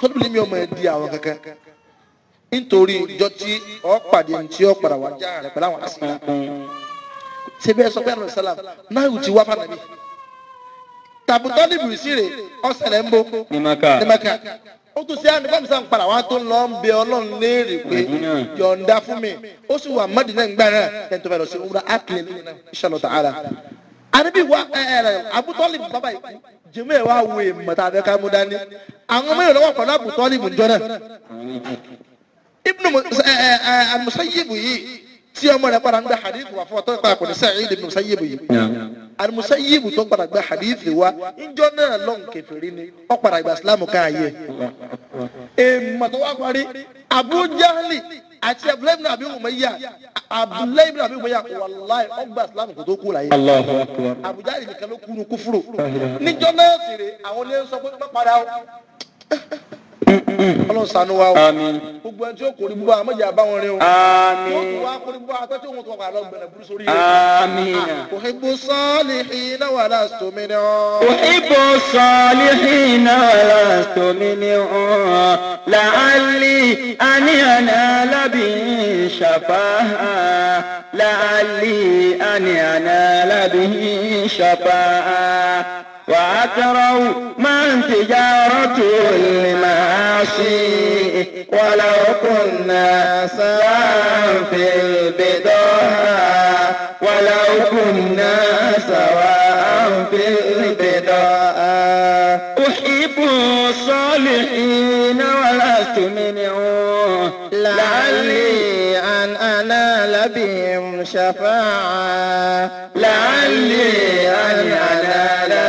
tọ́lùbìlì mi ò mọ̀ ẹ́ di àwọn kankan nítorí ìjọ tí ọ̀ pàdé ní ọ̀ padà wá rẹ̀ pẹ̀lú àwọn àṣìkò ṣebí ẹ sọ pé àlọ́ sálàm náà ò ti wá fún ànàbí tàbùtọ́ níbi ìsírè ọ̀sẹ̀lẹ̀ ń bọ̀ ní maka ó tún sí àdìbọ́n sàn padà wá tó ń lọ ń bẹ ọlọ́run léèrè pé yọ̀ǹda fún mi ó sì wà mọ́dínlẹ̀ ń gbà náà ẹni tó fẹ́ lọ sí òwúrọ̀ àkìlẹ̀ lónìí náà inshallah ta'ala. wa àbútọ́lì bàbá yìí jẹ́mú ẹ̀ wá wo èèmọ̀ tá a fẹ́ ká mú dání àwọn ọmọ ìrọ̀lọ́wọ́ pẹ̀lú àbútọ́lì bùjọ́ náà. ibnu musayibu yìí tí ọmọ rẹ̀ padà ń gba hadith wà fún ọ tó ń padà kò ní Sa'id ibn Musayyib yìí al-Musayyib tó ń padà gba hadith wa ìjọ náà lọ́n kẹfìrí ni ó padà gba Islam káàyè. èèmọ̀ tó wá parí Abu Jahli àti Abdullahi ibn Abi Umayya Abdullahi ibn Abi Umayya wàláì ó gba Islam kò tó kú láyé. Abu Jahli nìkan ló kú nu níjọ náà sì àwọn ní sọ pé pẹ́ padà o ọlọ́run o gbogbo ẹni tí ó kórìí búba àmọ́ ìyá bá o yóò tún wá kórìí búba àtẹ́tí òun tó wà lọ gbẹ̀rẹ̀ burú sórí rẹ̀. òhìbò sọ́ọ̀lì hìnnà wà láàsùtòmí ni ọ́. òhìbò sọ́ọ̀lì hìnnà wà láàsùtòmí ni ọ́ làálì àníànà lábì ṣàfáà làálì àníànà lábì ṣàfáà. وأتروا من تجارة المعاصي ولو كنا سواء في البداية ولو كنا سواء في البداية أحب الصالحين ولست منهم لعلي أن أنال بهم شفاعة لعلي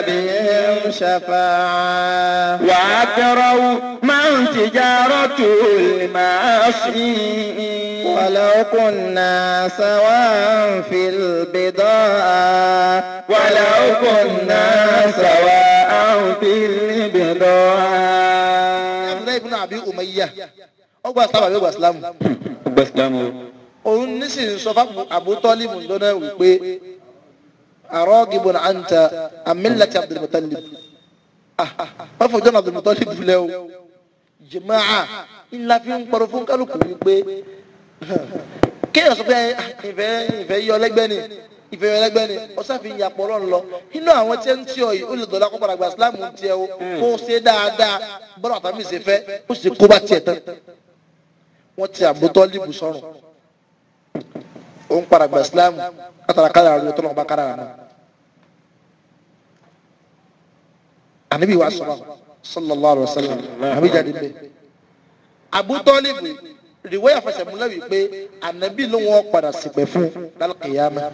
بهم شفاعة وأكروا من تجارة المعصية ولو كنا سواء في البضاعة ولو كنا سواء في البضاعة عبد أبي أمية ọgbà sábà ló gbà sílámù. ọgbà sílámù. òun nísìnyí sọ fún Abu Tọ́límù wípé aragibun anta am millati Abdul Muttalib ah, ah, ah má fọjọ́ náà Abdul Muttalib lẹ́ o jìmáà ńlá fi ń pọ̀rọ̀ fún kálukú wípé kéèyàn sọ pé ah, ìfẹ́ ìfẹ́ yọ lẹ́gbẹ́ ni ìfẹ́ yọ lẹ́gbẹ́ ni ọ̀sáfin ìyàpọ̀ ọlọ́run lọ inú àwọn tí ń tí ọ yìí ó lè dọ̀la kọ́kọ́ àgbà síláàmù tiẹ̀ o kó o ṣe dáadáa bọ́lá àtàmì ṣe fẹ́ ó sì kó bá tiẹ̀ tán wọ́n ti àbótọ́ líbù sọ́run ó ń paràgbà síláàmù látara kára rẹ̀ tó lọ́n bá kára rẹ̀ náà. ànábì wa sọ̀rọ̀ sallallahu alayhi wa sallam àbí jáde bẹ́ẹ̀. Abu Talib rìwé àfẹsẹ̀múlẹ̀ wípé ànábì ló wọ́n padà sípẹ̀ fún lálùkìyàmẹ́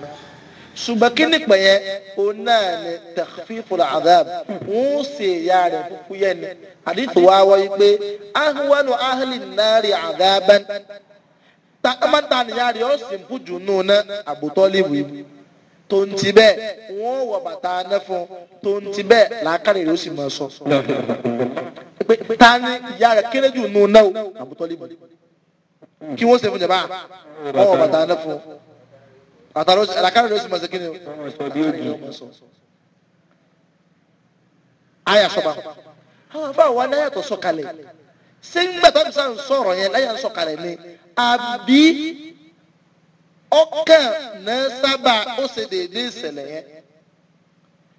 ṣùgbọ́n kí ni pẹ̀yẹ òun náà ni takhfiful adhab ń ṣe ìyá rẹ̀ kúkú yẹn ni àdìtò wa wáyé pé ahwanu ahli nari adhaban ta nìyá rẹ̀ ó sì ń bùjú nù náà tonti bẹ́ẹ̀ wọn wọ bàtà anẹfun tonti bẹ́ẹ̀ làákàrẹ yóò sì máa sọ. pé tani ìyá rẹ kéré jù nù náà àbútọ́lé bò kí wọ́n ṣe fún jàmbá wọn wọ bàtà anẹfun bàtà làákàrẹ yóò sì máa sọ kí ni o. àyà sọba àwọn afọ àwọn anáyà tó sọ̀kalẹ̀ ṣé ń gbàtà bí sáà sọ̀rọ̀ yẹn láyà ń sọ̀kalẹ̀ ni àbí ọkàn náà sábà ó ṣe déédé ìṣẹ̀lẹ̀ yẹn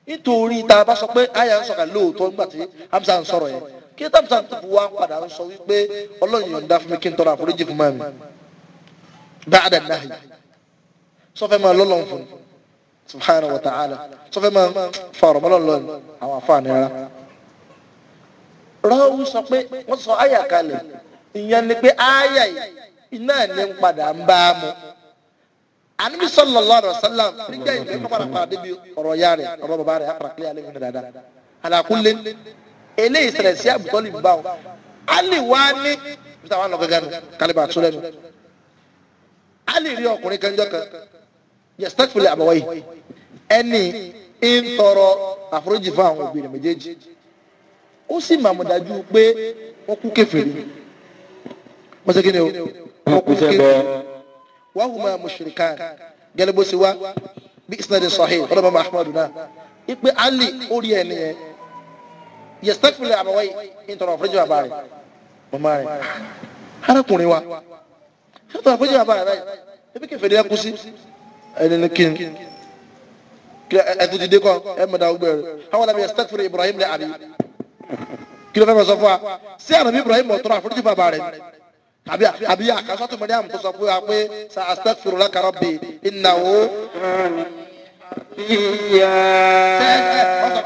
nítorí tá a bá sọ pé àyà ń sọ̀kà lóòótọ́ nígbà tí Hamza ń sọ̀rọ̀ yẹn kí Hamza tó bu wa padà ń sọ wípé Ọlọ́run yọ̀ǹda fún mi kí n tọrọ àforíjì fún mami báàdà náà sọfẹ́ máa lọ́lọ́ fún subhanahu wa ta'ala sọfẹ́ máa fa ọ̀rọ̀ mọ́lọ́ lọ́ni àwọn afáàní rárá. Rawi sọ pé wọ́n sọ àyà kalẹ̀ ìyẹn ni pé àyà yìí iná ní padà ń bá a mọ́ anabi sallallahu alaihi wa sallam nígbà yìí bẹ́ẹ̀ kọ́kọ́ àpàrà débi ọ̀rọ̀ ya rẹ̀ ọ̀rọ̀ bàbá rẹ̀ àpàrà kílẹ̀ alẹ́ nínú dáadáa àlàkúlẹ̀ eléyìí ṣẹlẹ̀ sí àbùtọ́lì ń ali wá ní bí táwọn lọ gángan kálíbà tó lẹ́nu ali rí ọkùnrin kan jọ́kan stakfuli àbọ̀wáyì ẹni ń tọrọ àforíjì fún àwọn obìnrin méjèèjì ó sì màmúdájú pé wọ́n kú kèfèrí wọ́n ṣe kí ni o wọ́n kú kèfèrí wàhùnmá mushrikan gẹ́lẹ́ bó ṣe wá bí isnadin sahih ọlọ́mọ mahmud náà ipe ali orí ẹ̀ nìyẹn yẹsẹ́fìlẹ̀ àbáwá yìí ntọ́nà ọ̀fẹ́jọ́ bàbá rẹ̀ mọ̀mọ́ rẹ̀ ah, arákùnrin wa ntọ́nà ọ̀fẹ́jọ́ bàbá rẹ̀ báyìí ebi kẹfẹ́ ni ẹ kú sí ẹni ní kíni ẹtù ti dé kọ ẹ mọ̀dà ọgbẹ́ rẹ̀ àwọn àbí yẹsẹ́fìlẹ̀ Ibrahim lẹ́ àbí kí ló fẹ́ mọ̀ sọ fún wa sí àrùn Ibrahim ọ̀tọ́rọ̀ àfọ́jú bàbá rẹ̀ ni àbí àbí àkàsọ́tò mọ́ríàmù tó sọ fún wa pé sa astaghfiru laka rabbi innahu. ọ̀sán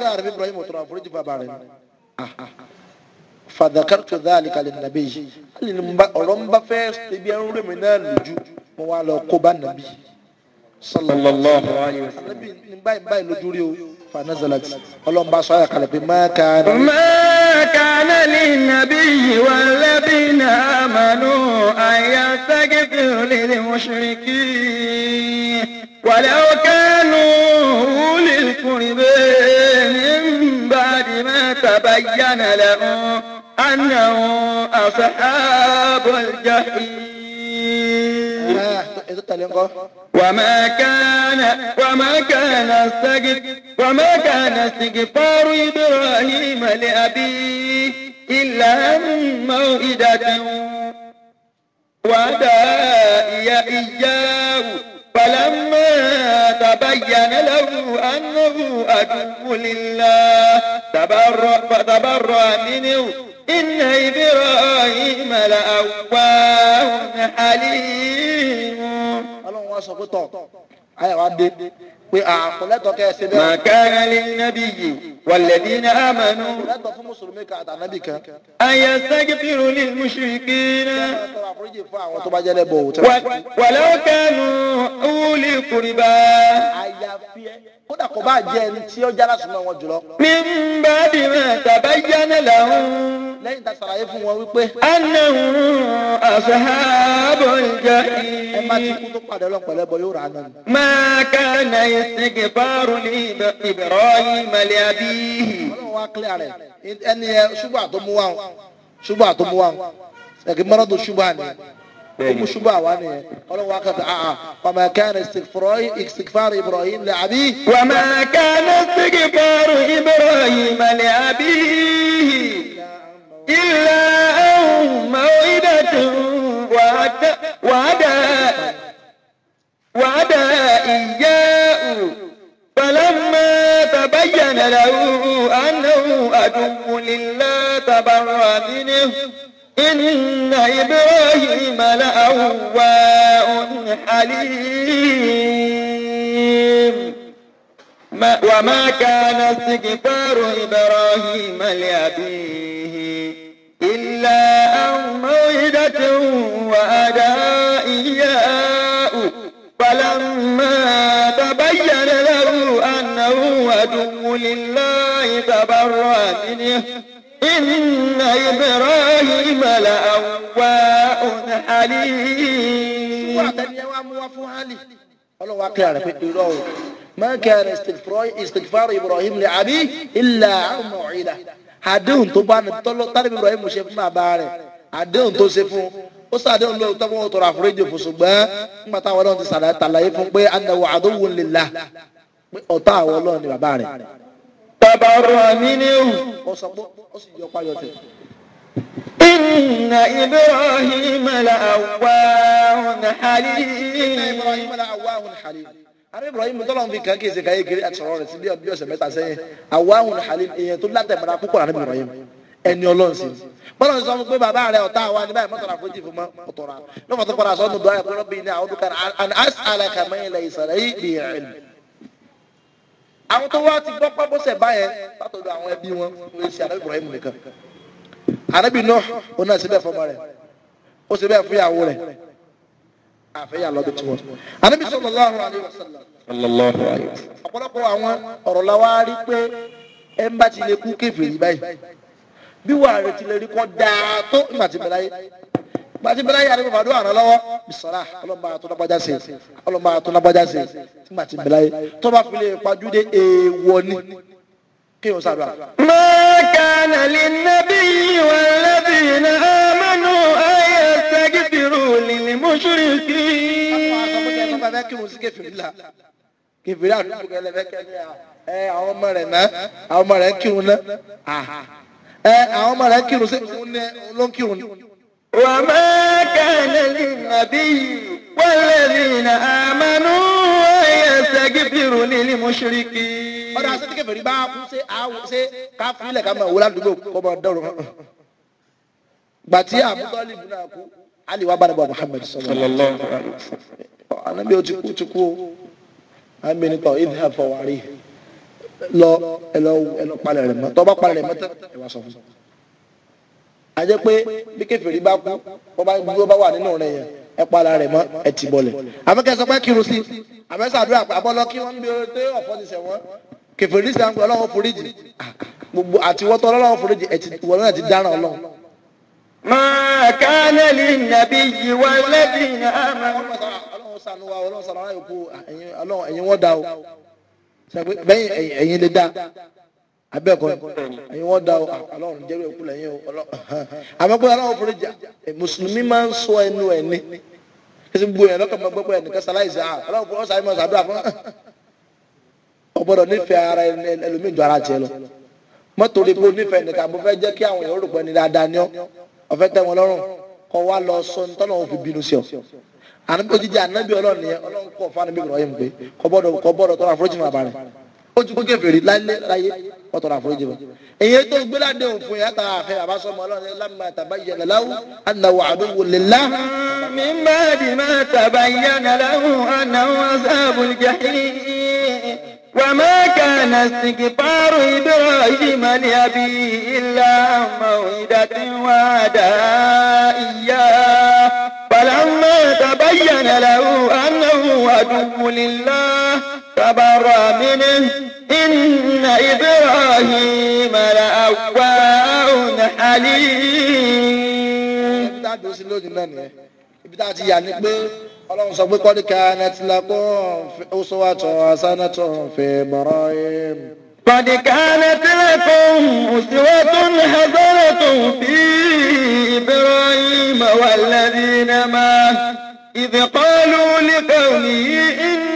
pé àrẹ mi Ibrahim òtún àforíjì bàbá rẹ̀ fadakartu dhalika linnabi yìí ọ̀rọ̀ ń bá fẹ́ ibi ẹ̀rú rẹ̀ mi náà lójú mo wá lọ kó bá nàbí yìí sallallahu alayhi wa sallam báyìí báyìí lójú rí o fanazalat ọlọ́mọba sọ ayà kalẹ̀ pé máa kàánà. máa kàánà ní nàbí ìwà lẹ́bí náà mànú àyà sẹ́gẹ́fì lè mọ̀ṣirikí wàlẹ́ òkànù wúlì kùrìbẹ́ ní bàdí mẹ́ta bàyà nàlẹ́ wọn àná wọn àfẹ́ وما كان وما كان استغفر وما كان استغفار إبراهيم لأبيه إلا من موعدة وعدها إياه فلما تبين له أنه أدو لله تبرأ فتبرأ منه إن إبراهيم لأواه حليم. ọlọ́run wá pé àkùnlẹ́tọ̀ kẹ́ ẹ ṣe bẹ́ẹ̀. màkàrà lè nábì yìí wàlẹ́dí ní àmàánú. lẹ́tọ̀ fún mùsùlùmí kan àtànábì kan. àyà sẹ́gi fìrù ní mùsùlùmí náà. wàlẹ́ òkè nù ú lè kúrìbá. àyàfi ẹ kódà kò bá jẹ ẹni tí ó jára súnmọ́ wọn jùlọ. mi ń bá di mẹ́ tàbá yánà làwọn. lẹ́yìn tá a sàlàyé fún wọn wípé. anahun asahabul jahim. ẹ má ti kú tó pàdé ọlọ́run pẹ̀lú yóò rà á ni. máa ká na ìsìnkì báàrù ní Ibrahim mẹ́lẹ́ àbí. ọlọ́run wá kílẹ̀ rẹ̀ ẹni ẹ ṣùgbọ́n àtọ́mú wa ṣùgbọ́n àtọ́mú mọ́rọ́dún ṣùgbọ́n àná ọmọ ṣubú àwa nìyẹn ọlọ́wọ́ akata àà wàmà kánà ìsìkfàrù ibrahim lè àbí. wàmà kánà ìsìkfàrù ibrahim lè àbí. ilà ẹ̀hún mọ̀ọ́dẹ̀tún wàdà wàdà ìyáù falamma tabayyana lahu annahu aduwwun lillah tabarra minhu. إن إبراهيم لأواء حليم ما وما كان استغفار إبراهيم لأبيه إلا أن موعدة وأداء فلما تبين له أنه عدو لله تبرأ منه إن إبراهيم لأواء حليم ọlọ́wọ́ akẹ́rẹ́ rẹ̀ pé irọ́ o máa kẹ́rẹ́ istighfar ibrahim lè àbí ilà àmọ̀ ìlà àdéhùn tó bá ní tọ́lọ́ tálíbi ibrahim ṣe fún bàbá rẹ̀ àdéhùn tó ṣe fún ó sàdéhùn lóòótọ́ tó wọ́n tọrọ àforíjì fún ṣùgbọ́n nígbà táwọn ọlọ́run ti sàlàyé fún pé anáwó àdóhùn lè la pé ọ̀tá àwọn ọlọ́run ni bàbá rẹ̀ bàrọ̀ mi ní ìhù. ó sọ pé Inna Ibrahim la awahun halim. Ààrẹ Ibrahim tọ́lọ̀ fi kàn kéèsì káyé kiri àti rẹ̀ sí bí ọ̀sẹ̀ mẹ́ta sẹ́yìn. Awahun halim èèyàn tó látẹ̀mọ́ra púpọ̀ ààrẹ Ibrahim ẹni ọlọ́run sí bọ́lá ń sọ fún pé bàbá rẹ ọ̀tá wa ni báyìí mọ́tòrà àfojì fún mọ́tòrà lọ́fọ̀tò padà sọ́nù dọ́ ẹ̀kọ́ rọ́bì ní àwọn olùkàrà àti àlàkàmẹ́yìn lẹ́yìn sàrẹ́yìn bìyànjú àwọn tó wá ti gbọ́ pábọ́sẹ̀ báyẹn látọ̀dọ̀ àwọn ẹbí wọn wọ́n ṣe ànábì Ibrahim nìkan ànábì Nuh òun náà ṣe fọmọ rẹ̀ ó ṣe bẹ́ẹ̀ fúyàwó rẹ̀ àfẹ́yà lọ́dún tí wọ́n. ànábì sallallahu alaihi ọ̀pọ̀lọpọ̀ àwọn ọ̀rọ̀ la wá rí pé ẹ ń bá ti lè kú kéfèé yìí báyìí bí wàá rẹ̀ ti lè rí kọ́ dáa tó ìgbà tí mo láyé gbàtí bẹ̀rẹ̀ yàrá ìgbà fàdúrà rẹ lọ́wọ́ bisala ọlọmọ àtúnabọjá se ọlọmọ àtúnabọjá se gbàtí bẹ̀rẹ̀ yẹ tọba fìlẹ pàjùdé èèwọ̀ ni kí o sàdúrà. ma kana lin nabiyyi wal ladina amanu ayastaghfiru lil mushrikin. àwọn àtọ́mọ́jẹ́ tó bá fẹ́ kí wọ́n sì kẹfìrí la kẹfìrí àdúgbò kẹlẹ́ fẹ́ ẹ àwọn ọmọ rẹ̀ ná àwọn ọmọ rẹ̀ kírun ná ẹ àwọn ọmọ rẹ̀ kírun sí òun ló ń ní. وما كان للنبي والذين آمنوا أن يستغفروا للمشركين ọ̀rọ̀ àti tẹ́kẹ̀ fẹ̀rí bá kú ṣe àwọn ṣe ká fílẹ̀ ká máa wúlá dùgbò kọ́ máa dọ̀rọ̀ hàn. gbàtí àbúkọ́lì bùnà kú alì wà bàdàbà Muhammad sallallahu alaihi wasallam. ànábì ó ti kú ti kú o àmì nípa ìdí àfọwárí lọ ẹ lọ palẹ̀ rẹ̀ mọ́ tọ́ bá palẹ̀ rẹ̀ mọ́ tẹ́ ẹ wá sọ fún mi a jẹ́ pé bí kèfèrí bá kú wọ́n bá gbogbo bá wà nínú rẹ̀ yẹn ẹ pala rẹ̀ mọ́ ẹ ti bọ̀lẹ̀ àmọ́kẹ́ sọ pé kírun sí àmẹ́sàdúrà àbọ̀lọ́ kí wọ́n ń bèrè tẹ́ ọ̀fọ́ ti sẹ̀ wọ́n kèfèrí sí àwọn ọlọ́wọ́ foríjì gbogbo àti wọ́tọ́ ọlọ́wọ́ foríjì ẹ̀ ti wọ́n náà ti dáràn ọlọ́run. ما كان للنبي والذين آمنوا ọlọ́run sànú wa ọlọ́run sànú abẹ́ẹ̀kọ́ ẹ̀yin wọ́n da ọlọ́run jẹ́rú ẹ̀kú o ọlọ́run *laughs* àmọ́pẹ́ ọlọ́run fúnra jà mùsùlùmí máa ń sọ ẹnu ẹ̀ ní ẹsẹ̀ gbogbo yẹn lọ́kàn máa gbọ́gbọ́ ẹnìkan sáláìsì à ọlọ́run fúnra ọ̀sán ìmọ̀ sàdúrà fún ọgbọ́dọ̀ *laughs* nífẹ̀ẹ́ ara ẹlòmíì ju ara tiẹ̀ lọ mọ́tò rí bó nífẹ̀ẹ́ nìkan mo fẹ́ jẹ́ kí àwọn èèyàn rògbọ́n ní dáadáa ní ọ ọ̀fẹ́ tẹ́ wọn lọ́rùn kọ wá lọ sọ ní tọ́lọ́run fi bínú sí ọ àná bí ojijì àná bí ọlọ́run yẹn ọlọ́run kọ̀ fún àná bí ìbùrọ̀ yẹn ó ti kó kèfèrí láyé ọ̀tọ̀rọ̀ àforíjì bá èyí tó gbéra dé òfin yẹn ta àfẹ àbásọmọ ọlọ́run lámà tabayyana lahu annahu aduwwun lillah. mimma bima tabayyana lahu annahu ashabul jahim wama kana istighfaru ibrahima li abihi illa maw'idatin wa'adaha iyyah falamma tabayyana lahu annahu aduwwun lillah. فبرأ منه إن إبراهيم لأواه حليم ibi tá a ti yà ni pé ọlọ́run sọ pé kọ́ni kanat lakum uswatun hasanatun fi Ibrahim. kọ́ni kanat lakum uswatun hasanatun fi Ibrahim walladhina ma idh qalu liqawmihi.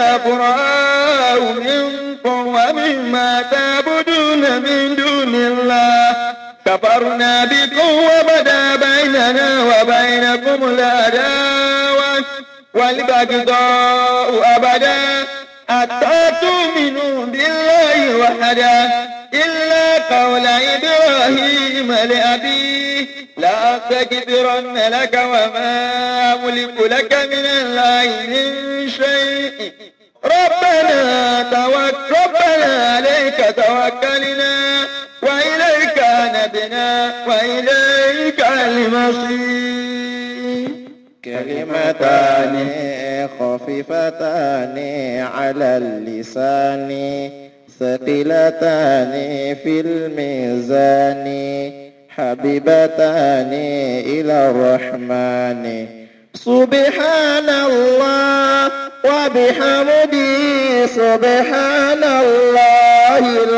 براء منكم ومما تعبدون من دون الله كفرنا بكم وبدا بيننا وبينكم العداوة والبغضاء أبدا حتى تؤمنوا بالله وحده إلا قول إبراهيم لأبيه لا تكبرن لك وما أملك لك من الله من شيء ربنا توكل ربنا عليك توكلنا وإليك نبنا وإليك المصير كلمتان خفيفتان على اللسان ثقلتان في الميزان حبيبتان إلى الرحمن سبحان الله وبحمده سبحان الله